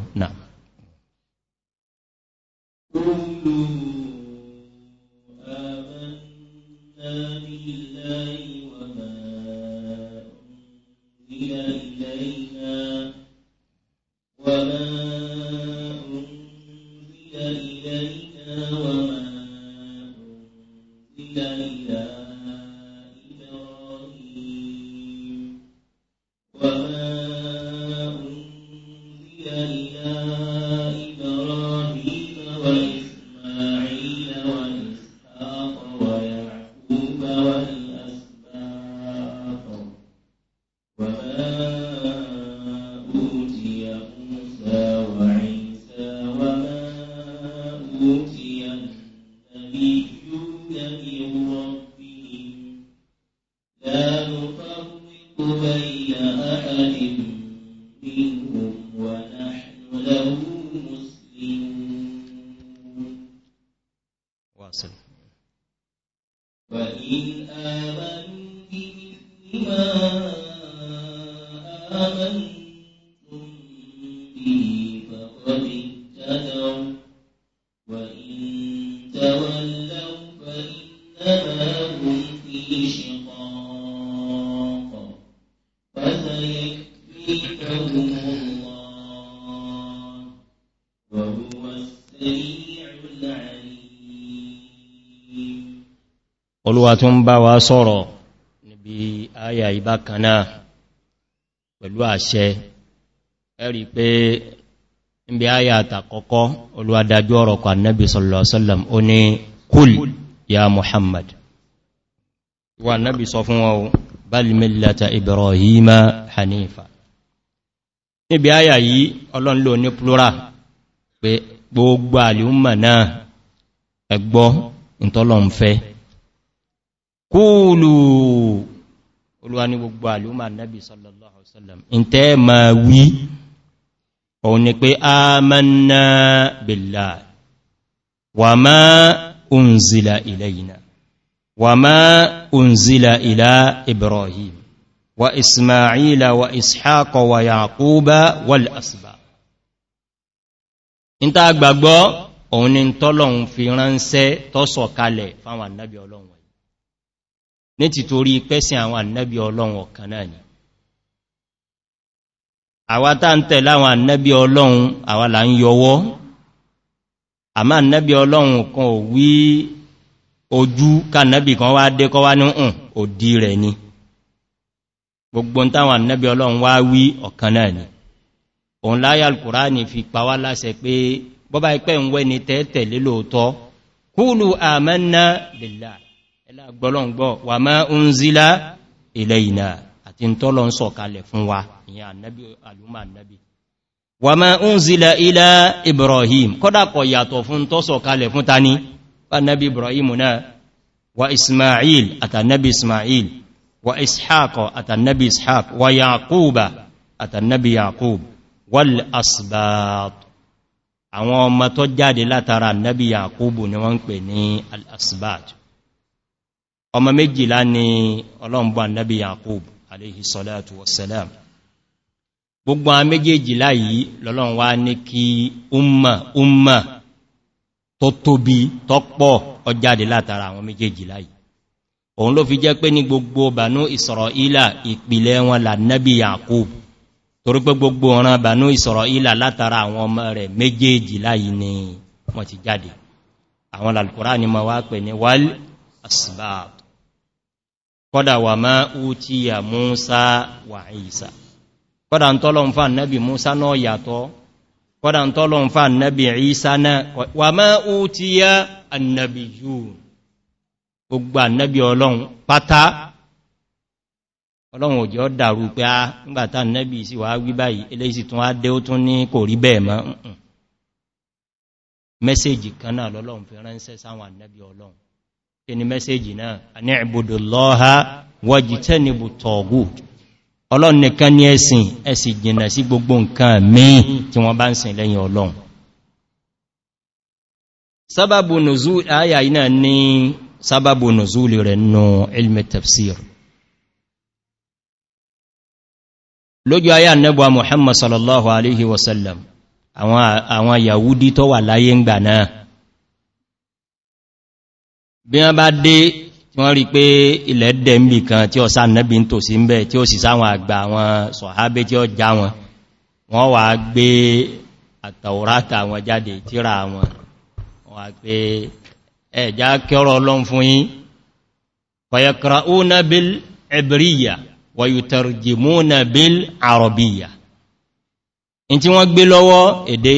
olúwa tó ń bá wa sọ́rọ̀ níbi ayà ìbákaná pẹ̀lú àṣẹ ẹ̀rí pé níbi ayà àtàkọ́kọ́ olúwa dájú ọ̀rọ̀ kan nábi sọ̀lọ̀sọ́lọ̀m ó ní kúl ya muhammad wa nábi sọ fún wọn balimillata ibrahima hanifa níbi ayà yìí ọlọ́nlò ní plural pé gbogbo àlúmà náà ẹgbọ́ ìtọ́lọ̀ kúùlù olúwa ní gbogbo àlúmà nábi sallallahu alaihi wasallam in tẹ́ ma wí òun ni pé amanna billah wa ma unzila ilayna wa ma unzila ila ibrahim wa isma'ila wa ishaqa wa yaquba wal asba in ta gbàgbọ́ òun ni tọ́lọ̀un fi ránṣẹ́ tọ́sọ̀ fáwọn annabi ọlọ́run ní ti torí pẹ́sìn àwọn annabi ọlọ́run ọ̀kan náà ni àwa tá ń tẹ̀ láwọn annabi ọlọ́run àwa là ń yọwọ́ àmá annabi ọlọ́run kan ò wí ojú kànàbì kan wá dé kọ́ wá ní ǹ òdí rẹ̀ ni gbogbo táwọn annabi ọlọ́run wá wí ọ̀kan náà ni òun láyà alkùrá fi pa wá láṣẹ pé bọ́bá ipẹ́ ń wẹ́ ni tẹ́ẹ̀tẹ̀ lélòótọ́ kúlù àmẹ́ná lèláà gbọ́lọ́ngbọ́ wà máa ń zílá ilẹ̀ ìnà àti tọ́lọ ń sọ kalẹ̀ fún wa ìyàn annabi alúmà annabi wà máa ń zílá ilá ibrahim kọ́dàkọ̀ yàtọ̀ fún tọ́sọ̀ kalẹ̀ fún tani annabi ibrahim náà wa ismail àtànnabi ismail wa ishaq àtànnabi ishaq wa yaquba àtànnabi yaqub wal asbat àwọn ọmọ tó jáde látara annabi yaqubu ni al asbat ọmọ méjìlá ni ọlọ́mbọ̀ annabi yakub aléhì sọ́látù wasalam gbogbo a méjèjìlá yìí lọ́lọ́n wá ní kí umma umma tó tóbi tọ́pọ̀ ọjáde látara àwọn méjèjìlá yìí òun ló fi jẹ́ pé ní gbogbo bànú ìsọ̀rọ̀ ìlà ìpìlẹ̀ wọn là nábi torí pé gbogbo ọ̀ràn bànú ìsọ̀rọ̀ ìlà látara àwọn ọmọ rẹ̀ méjèjìlá yìí ni wọ́n ti jáde àwọn lalkùrá ni ma wá pè ní wal asbab kọ́dà wà máa ú tí yà múúsá wà ìsà kọ́dà ń tọ́lọ̀ ń fa nẹ́bì múúsá náà yàtọ̀ kọ́dà ń tọ́lọ̀ ń fa nẹ́bì ìsá náà wà máa ú tí yà annabi yìí gbogbo annabi ọlọ́run pátá ọlọ́run òjò dàrú pé a ah, ńgbàtà nẹ́bì sí wà wí báyìí eléyìí kíni mẹ́sẹ́jì náà ní ìbùdó lọ́ha wọ́jì tẹ́nibù tọ̀gù ọlọ́run nìkan ní ẹ̀sìn ẹ̀sì jìnà sí gbogbo nǹkan míì tí wọ́n bá ń sìn lẹ́yìn ọlọ́run sábàbù nùzú ayà iná ní sábàbù nùzú rẹ̀ nù ilmi tafsir lójú ayà nẹ́bùwa muhammad sallallahu bí wọ́n bá dé tí wọ́n rí pé ilẹ̀ dẹ̀ ń bì kan tí ọ sáànẹ́bí tó sí ń bẹ́ tí ó sì sáwọn àgbà wọn sọ̀hábé tí ó já wọn wọ́n wà gbé àtàwòrátà wọn jáde tíra wọn wà pé ẹ̀já kẹ́rọ ọlọ́n fún yí bil ẹ̀bìríyà wàyùtàrjìmúnà bil àrọ̀bíyà in tí wọ́n gbé lọ́wọ́ èdè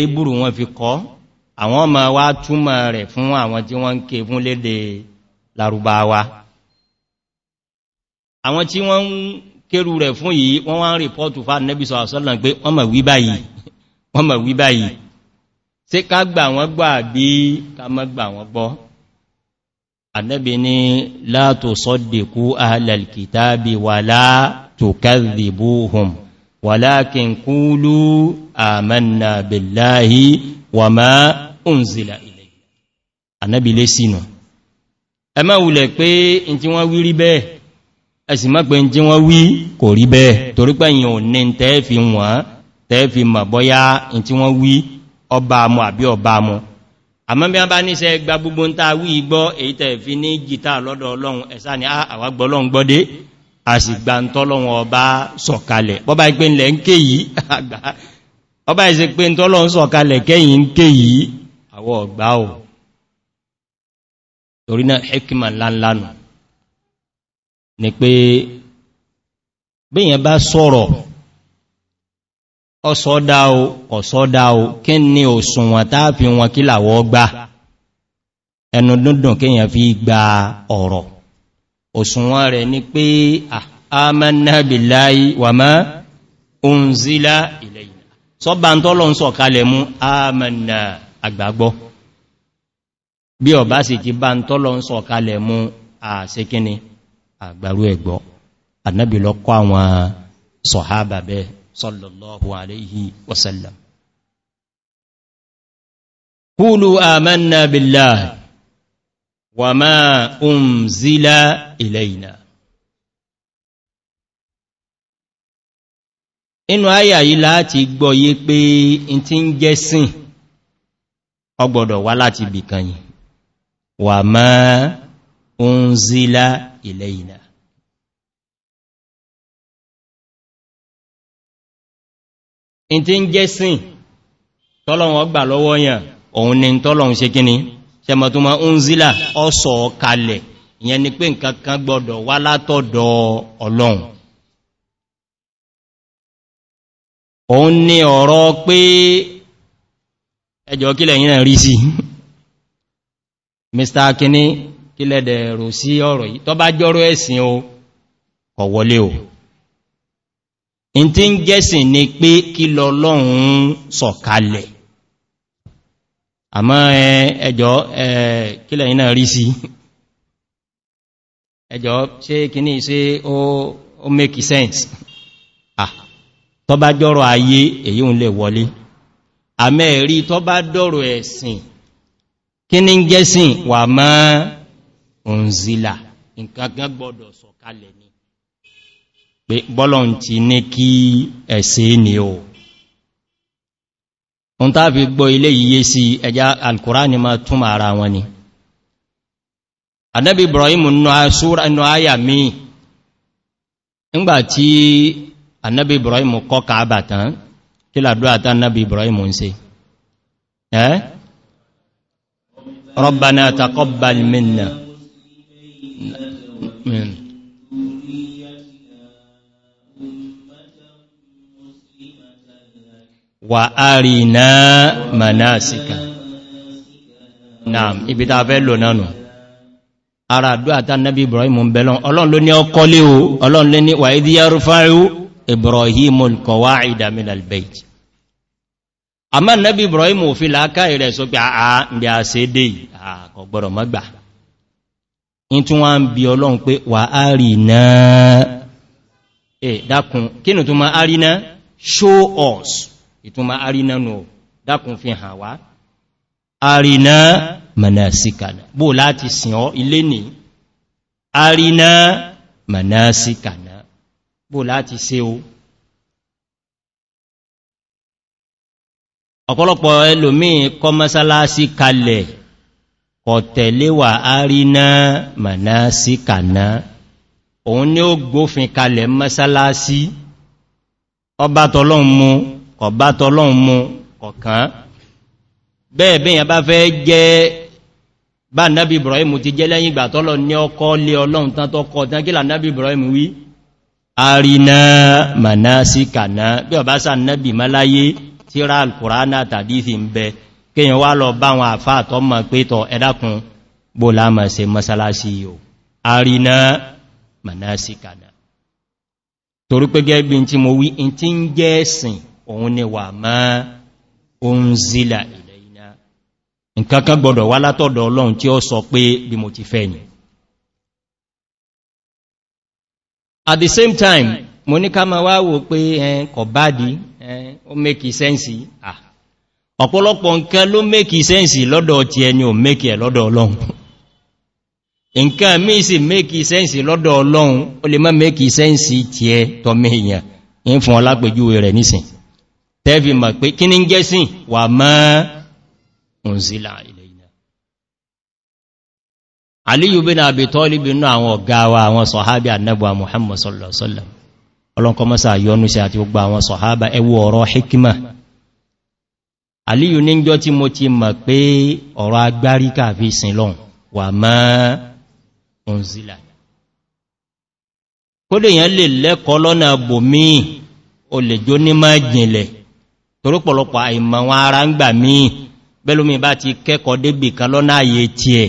àwọn ọmọ wa túnmọ̀ rẹ̀ fún àwọn tí wọ́n ń ké fún léde larubawa àwọn tí wọ́n ń kéru rẹ̀ fún yìí wọ́n wá ń rìpọ́tù fà nẹ́bí sọ̀rọ̀sọ́lọ̀ pé wọ́n mọ̀ wí báyìí tí ká gbà wọ́n gbà bí ká mọ́ gbà wọ́n gbọ́ ànẹ́bí ní látò sọ́dẹ̀kú ahàlẹ̀kìtàbí wà látò kẹ́rìbóhùn wà lákìnkúlú àmẹ́nà bèláhí wà máa ounzila ilẹ̀ anábìlé sínú ẹ má wulẹ̀ pé in tí wọ́n wí rí bẹ́ẹ̀ ẹ̀sì má pé in tí wọ́n wí kò rí bẹ́ẹ̀ torí pẹ̀yìn ò ní tẹ́ẹ̀fì wọ́n tẹ́ẹ̀fì mà bọ́yá in tí wọ́n wí ọba amọ́ àbí ọba amọ́ àmọ́ bí wọ́n bá ní sẹ gba gbogbo ń ta wí gbọ́ èyí tẹ́ẹ̀fì ní jìtá lọ́dọ̀ ọlọ́run ẹ̀sá ni ah, àwàgbọ́ ọlọ́run gbọ́dé àsìgbà ń tọ́lọ́run ọba sọ̀kalẹ̀ bọ́bá ìpínlẹ̀ ń ké yìí àgbà ọba ìsẹ́ ń sọ̀kalẹ̀ kẹ́yìn ń ké yìí wọ́n gbá ò torí náà hekima lánlánù ni pé yẹn bá sọ̀rọ̀ ọ̀sọ́dá o ọ̀sọ́dá o kí ni òsùnwọ̀n táàfi wọn kí làwọ́ gbá ẹnu dúndùn yẹn fi gba ọ̀rọ̀ òsùnwọ̀n rẹ̀ ni pé àmànàbìláyí wà máa ounzila ilẹ̀ ìlà sọ́bàntọ́lọ́ àgbàgbọ́ bí ọ̀bá sì ti bá ń tọ́lọ ń sọ kalẹ̀ mú àṣekíní àgbàrú ẹ̀gbọ́ annabi lọ kọ́ àwọn sọ̀hábà bẹ́ sallallahu alaihi kúlù àmànà wà máa ń zílá ilẹ̀ ìnà inú ayà láti gbọ́ pé in ọgbọ̀dọ̀ wá láti ibì kan wà máa ń zílá ilẹ̀ ìnà in ti ń jẹ́ sín tọ́lọ̀wọ̀n ọgbà lọ́wọ́ yàn òun ni tọ́lọ̀wọ̀n ṣe kíní ṣẹmọ̀ tó ma ń zílá ọsọ̀ kalẹ̀ ìyẹn ni pé nǹkan kan gbọdọ̀ wá látọ̀dọ̀ ọlọ́run òun ni ọ̀rọ̀ pé ẹjọ́ kílẹ̀ yìí náà rí sí mr akini kílẹ̀ dẹ̀rọ sí ọ̀rọ̀ yìí tọ́ bá jọ́rọ ẹ̀sìn o kọ̀ wọlé o in ti ń gẹ́sìn ni pé kí lọ lọ́hun sọ̀kalẹ̀ àmọ́ ẹjọ́ kílẹ̀ yìí rí sí ẹjọ́ ṣe kíní ṣe ó make sense ah tọ́ bá jọ́rọ ayé èyí ń lè wọlé àmẹ́ẹ̀rí tó bá dọ̀rọ̀ ẹ̀sìn kí ní gẹ́sìn wà máa òǹzìlà nǹkan gbọ́dọ̀ sọ̀kalẹ̀ ni pé bọ́lọ̀ ti ní kí ẹ̀sẹ̀ ni o oun tàà fi gbọ́ ilé yíye sí ẹja alkùrá ni ma túnmà ara wọn ni adábi ibrahim nù áyà míì nígbàtí anábi kí làdúrà tán nábi ibrahim ń se ẹ́ rọ́bàná takọ́bàl minna wà àrìnà manásíkà naam ibi ta fẹ́ lò nánu ara àdúrà tán nábi ibrahim ń bẹ̀lọ́n ọlọ́n ló ní ọkọ́lé o ọlọ́n lé ní wà ìdíyàrú fáríwú ibrahim al-qawaida min al-bayt amma nabi ibrahim o fi laaka ire so pe a nbi a se de a ko gboro ma gba in tun wa nbi olohun pe wa arina eh dakun kinu tun ma arina show us itun ma arina no dakun fi han wa arina manasikana bo lati sin o ile ni bó láti se o ọ̀pọ̀lọpọ̀ ẹlòmíì kọ mọ́sálásí kalẹ̀ ọ̀tẹ̀léwà àríná màná sí kàná òun ni ó gbófin kalẹ̀ mọ́sálásí ọba tọ́lọ́un mú ọba tọ́lọ́un mú kọ̀kan bẹ́ẹ̀ bí bá fẹ́ jẹ́ bá nábi ibrahim ti jẹ́ lẹ́yìn ìgbà tọ́lọ ní ọkọ́ lé ọlọ́run tán tọ́kọ́ tán kí là nábi ibrahim wí àrínà mànásíkàná bí ọ̀bá sànẹ́bì mọ́láyé tí ra alkùránà tàbí fi ń bẹ kíyàn wá lọ bá wọn àfá àtọ́mọ̀ pé tọ ẹ̀dàkùn gbólámà se mọ́sálásí yóò àrínà mànásíkàná torí pé gẹ́gbí tí mo wí in tí ń jẹ́ ẹ̀sìn òun ni wà mọ́ oun zílà ilẹ̀ iná nǹkan kan wá látọ̀dọ̀ ọlọ́run tí ó sọ pé bí mo ti fẹ́ yìí at the same time mo ní ká ma wá wò pé ẹn kọ̀ bá dí ẹn ó mẹ́kì sẹ́ǹsì ọ̀pọ̀lọpọ̀ nǹkan ló mẹ́kì sẹ́ǹsì lọ́dọ̀ ti ẹni ò mẹ́kì ẹ̀ lọ́dọ̀ ọlọ́run nǹkan míì sì mẹ́kì sẹ́ǹsì lọ́dọ̀ ọlọ́run ó lè má mẹ́kì sẹ́ǹsì ti ẹ tọ́mẹ́ èèyàn ń fún ọlápẹjúwe rẹ̀ nísìn tẹ́fì mọ̀ pé kí ní ń gẹ́sìn wà mọ́ òǹsílà aliyu bin abi talib inú àwọn ọ̀gá wa àwọn sọ̀hábí annabuwa muhammad sallallahu alaihi wasallam ọlọ́nkọ́ mọ́sá yọnú sí àti gbogbo àwọn sọ̀hábá ẹwọ ọ̀rọ̀ hikima aliyu níjọ́ tí mo ti mọ̀ pé ọ̀rọ̀ agbárí káàfi sinlọ́n wà mọ́ ounzila kódè yẹn lè lẹ́kọ́ lọ́nà bòmí o lè jó ní má jìnlẹ̀ torípọ̀lọpọ̀ àìmọ̀ wọn ara ń gbà míì bẹ́lómi ti kẹ́kọ̀ọ́ débì kan lọ́nà àyè tiẹ̀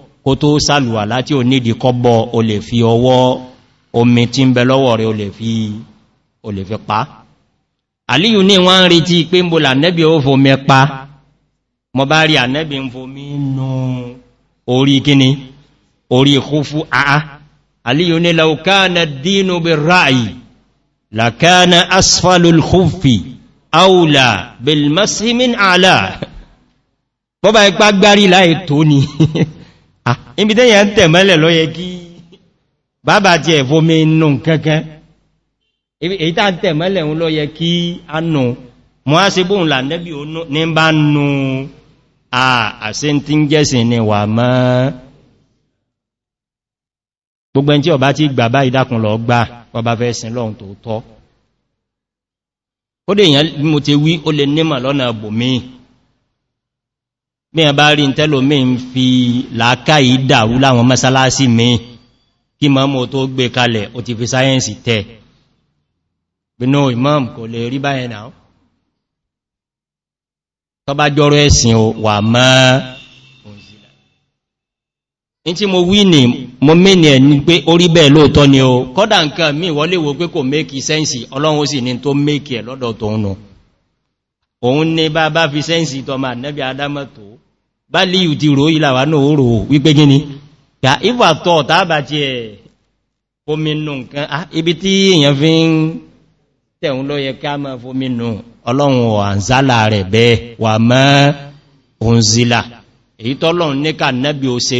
kó tó sàlùwà láti ò nídi kọ́bọ̀ o lè fi ọwọ́ omi tí ń bẹ lọ́wọ́ rẹ̀ o lè fi pa àlíyù ní wọ́n ń retí pé ń bolà nẹ́bí ó fò mẹ́pa mọ bá rí ànẹ́bí ń fò mí nù orí kíni orí kúfú àá àlíyù ní laukana dínú bí ráàyì lakana asfalul aula bilmasimin ala bọ́bá ipá gbárí láì tó ni níbi ah, tẹ́yẹ ń tẹ̀mẹ́lẹ̀ lọ́yẹ kí bàbá ti ẹ̀fọ́ mi nù kankan èyí tàà ń tẹ̀mẹ́lẹ̀ ń lọ́yẹ kí a nù mọ́ á sí bóhùn lànẹ́bí ní bá nù àṣẹ tí ń jẹ́sìn ni wà mọ́ gbogbo ẹn tí ọba ti gbà bá ìdákun lọ gbà ọba fẹ́ sin lọ́hun tó tọ́ ó dè èèyàn mo ti wí ó lè nímọ̀ lọ́nà bòmíì bí a bá rí ń tẹ́lò mí ń fi làákà ìdàrú láwọn mẹ́sálásí mi kí ma mọ́ tó gbé kalẹ̀ o ti fi sáyẹ́nsì tẹ́ bínú imam kò lè rí báyẹ̀ náà tọ́ bá jọrọ ẹ̀sìn wà mọ́ ní tí mo wí ní mo mẹ́ni ẹ̀ ní pé orí bẹ́ẹ̀ lóòtọ́ ni o kọ́dà nǹkan mí wọléwò pé kò mẹ́kì sẹ́ǹsì ọlọ́run sì ni tó mẹ́kì ẹ̀ lọ́dọ̀ tòun náà òun ní bá bá fi sẹ́ǹsì ma nẹ́bí adámọ́tò bá líyù ti rò ìlàwà náà rò wípé gíní ya ìfà tọ́ tàbà tí ẹ̀ ibi tí èyàn fi ń tẹ̀hún yẹ ká mọ́ fóminú ọlọ́run àǹzálà rẹ̀ wà se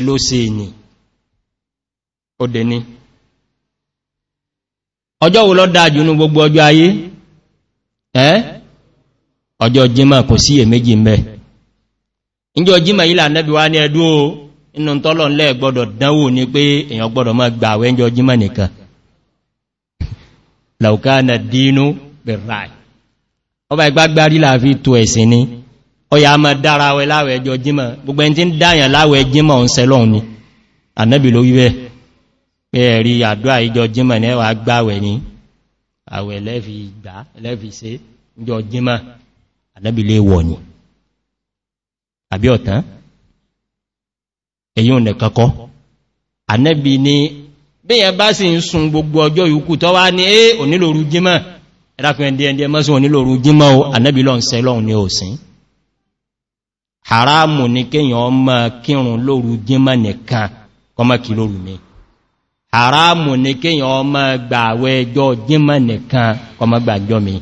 gbogbo ọjọ́ jímọ̀ kò sí èméjì mẹ́ ìjọ jímọ̀ ilẹ̀ anẹ́bí wá ní ẹdú o inú tọ́lọ̀ ńlẹ̀ dánwò ní pé èyàn gbọ́dọ̀ mọ́ gbà ìjọ jímọ̀ nìkan làùká na dínú bẹ̀rẹ̀ ọba ìgbágbárí láàfi tó ẹ̀sìn ni ọya a máa dára awẹ láwẹ̀ ẹjọ jímọ̀ gbogbo ẹni tí ń dáyàn láwẹ̀ jímọ̀ ń sẹlọ́un ni ànẹ́bì ló wíwẹ́ pé ẹ̀rí àdúrà ìjọ jímọ̀ ní ẹwà gbáwẹ̀ ní àwẹ̀ lẹ́fi gbá lẹ́fi ìjọ jímọ̀ ànábìlé wọ̀ ní àbí ọ̀tán èyí òun nẹ̀kankọ́ ànábì ni bíyàn bá sì ń sun gbogbo ọjọ́ yòókù tó wá ní é onílòrú jímọ̀ ẹ̀dàkùn ẹ̀dẹ̀ ẹ̀dẹ̀ mọ́sí onílòrú jímọ̀ ànábì lọ́n sẹ lọ́un ní òsìn haramu ní kíyàn ọmọ kírun lóru jímọ̀ nìkan kọmọ kí lóru mi haramu ní kíyàn ọmọ gbàwẹ́ ẹjọ́ jímọ̀ nìkan kọmọ gbàjọ́ mi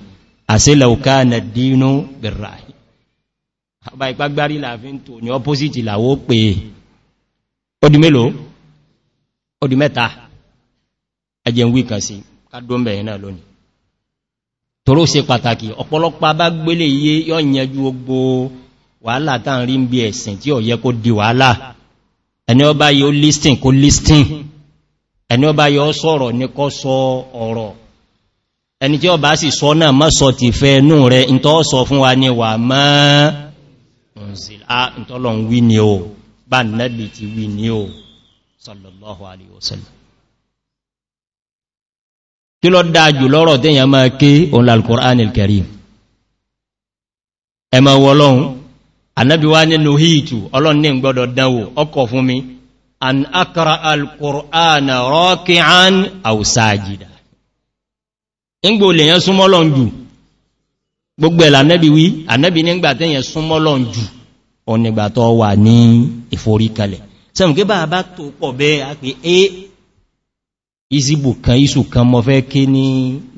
àṣílẹ̀ òká nà dínú bẹ̀rẹ̀ àbá ìpagbárí láàfin tó ní ọpósìtì làwó pé ọdí mélòó ọdí mẹ́ta ẹjẹun wí kan sí kádọ́mbẹ̀yìn náà lónìí toró se pàtàkì ọ̀pọ̀lọpàá bá gbélé iye yọ́nyẹjú ogbo wàhálà tàn rí ń bí ẹ̀sìn tí ọ̀yẹ kó di wàhálà ẹni ọba yóò listing kó listing ẹni ọba yóò sọ̀rọ̀ ní kọ́ sọ ọ̀rọ̀ ẹni tí ó bá sì sọ náà mọ́ sọ ti fẹ́ ẹnú rẹ̀ ìntọ́ sọ fún wa ní wà mọ́ ìntọ́lọ̀ ń wí ní o bá nẹ́bì ti wí ní o sallallahu alaihi wasallam kí lọ dájú lọ́rọ̀ tẹ́yàn máa ké òun al-Qur'an al-Karim anábi wá nínú hìtù ọlọ́n gbọ́dọ̀ dánwò ọkọ̀ fún mi an akara al-Qur'ana raki'an aw ńgbò lè yẹn súnmọ́ jù gbogbo ẹ̀lá anẹ́bí wí anẹ́bí nígbà tẹ́ yẹn súnmọ́ lọ́n jù ọ̀nìgbà tó wà ní ìforíkalẹ̀ sẹ́mù bá bá tó pọ̀ bẹ́ a pé é ìzìbò kan ìsù kan mọ́ fẹ́ ké ní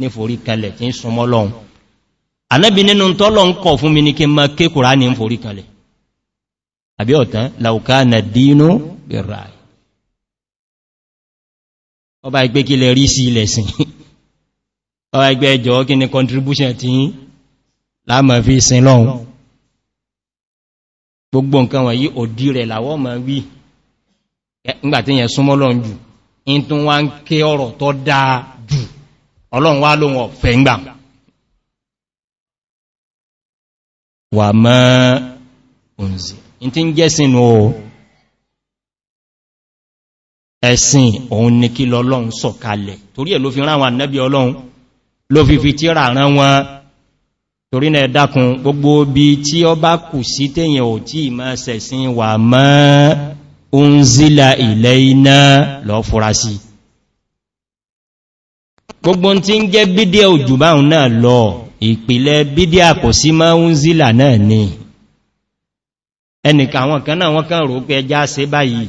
níforíkalẹ̀ tí ń súnmọ́ lọ́n mi ọba ìgbékilẹ̀ ẹgbẹ́ ẹjọ́ kí ni contribution tí láàmà fi sin lọ́hun gbogbo nǹkan wọ̀nyí òdí rẹ̀ làwọ́ ma wí ńgbàtí yẹn súnmọ́ lọ́n jù in tó wá ń ké ọ̀rọ̀ tó dáa jù ọlọ́run wá lóhun ọ̀fẹ́ ńgbà wà mọ́ òǹzì in tí ń jẹ́ sínú o ẹ̀sìn òun ní kí lọ́lọ́run sọ̀kalẹ̀ torí ẹ̀ ló fi rán àwọn ànẹ́bí ọlọ́run ló fi fi tíra rán wọn torí náà dákun gbogbo bí tí ọ bá kù sí tẹ́yìn ò tí ìmọ̀ sẹ̀sìn wà mọ́ oun zílà ilẹ̀ iná lọ fúra sí gbogbo tí ń jẹ́ bídíà òjùbáhùn náà lọ ìpìlẹ̀ bídíà kò sí mọ́ oun zílà náà ni ẹnìkà àwọn kan náà wọ́n kàn rò pé ẹjá se báyìí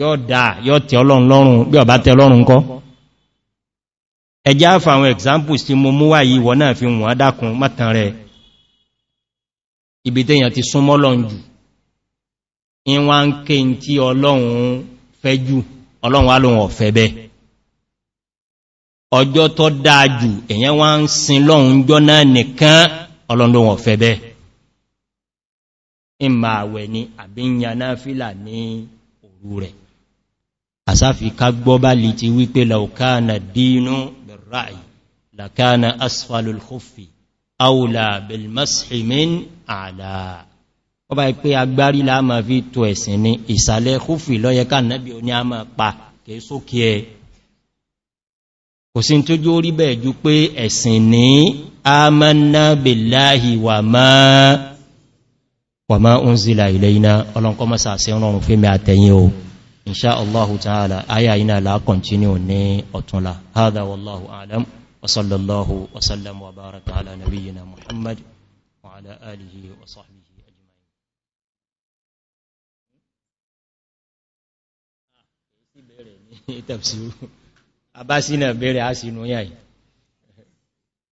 yóò dáa yóò tẹ́ ọlọ́run lọ́rùn bí ọba tẹ́ ọlọ́run kọ́ ẹjá fàwọn examples tí mo mú wà yìí wọ́n náà fi wọ́n dákun mọ́tàn rẹ̀ ibi tẹ́yàn ti súnmọ́ lọ́njù ìwà ń ké tí ọlọ́run fẹ́ jù ọlọ́run alóhun ọ̀fẹ́ bẹ́ ọjọ́ tọ́ dáa jù èyàn wá ń sin lọ́run jọ náà nìkan ọlọ́run ọ̀fẹ́ bẹ́ ti wípé lọ́ọ̀ká nà الرأي لكان أسفل الخف أولى بالمسح من أعلى ọba ìpé agbárí la ma fi tó ẹ̀sìn ní ìsàlẹ̀ kúfì lọ́yẹ ká nẹ́bí oní a máa pa kìí sókè ẹ kò sí tó jó rí bẹ́ẹ̀ jú pé ẹ̀sìn ní a mọ́nà bè láàáhì wà máa ń zìlà ilẹ̀ iná ọlọ́nkọ́ mọ́sàsẹ́ rọrùn fí mẹ́ àtẹ̀yìn o inṣá allahu ta'ala aya ina la continue ní ọ̀túnla hádá wallahu alam wasallallahu wasallam wa baraka ala nabiyyina muhammad wa ala alihi wa sahbihi ajma'in tafsiru abasina bere asinu yayi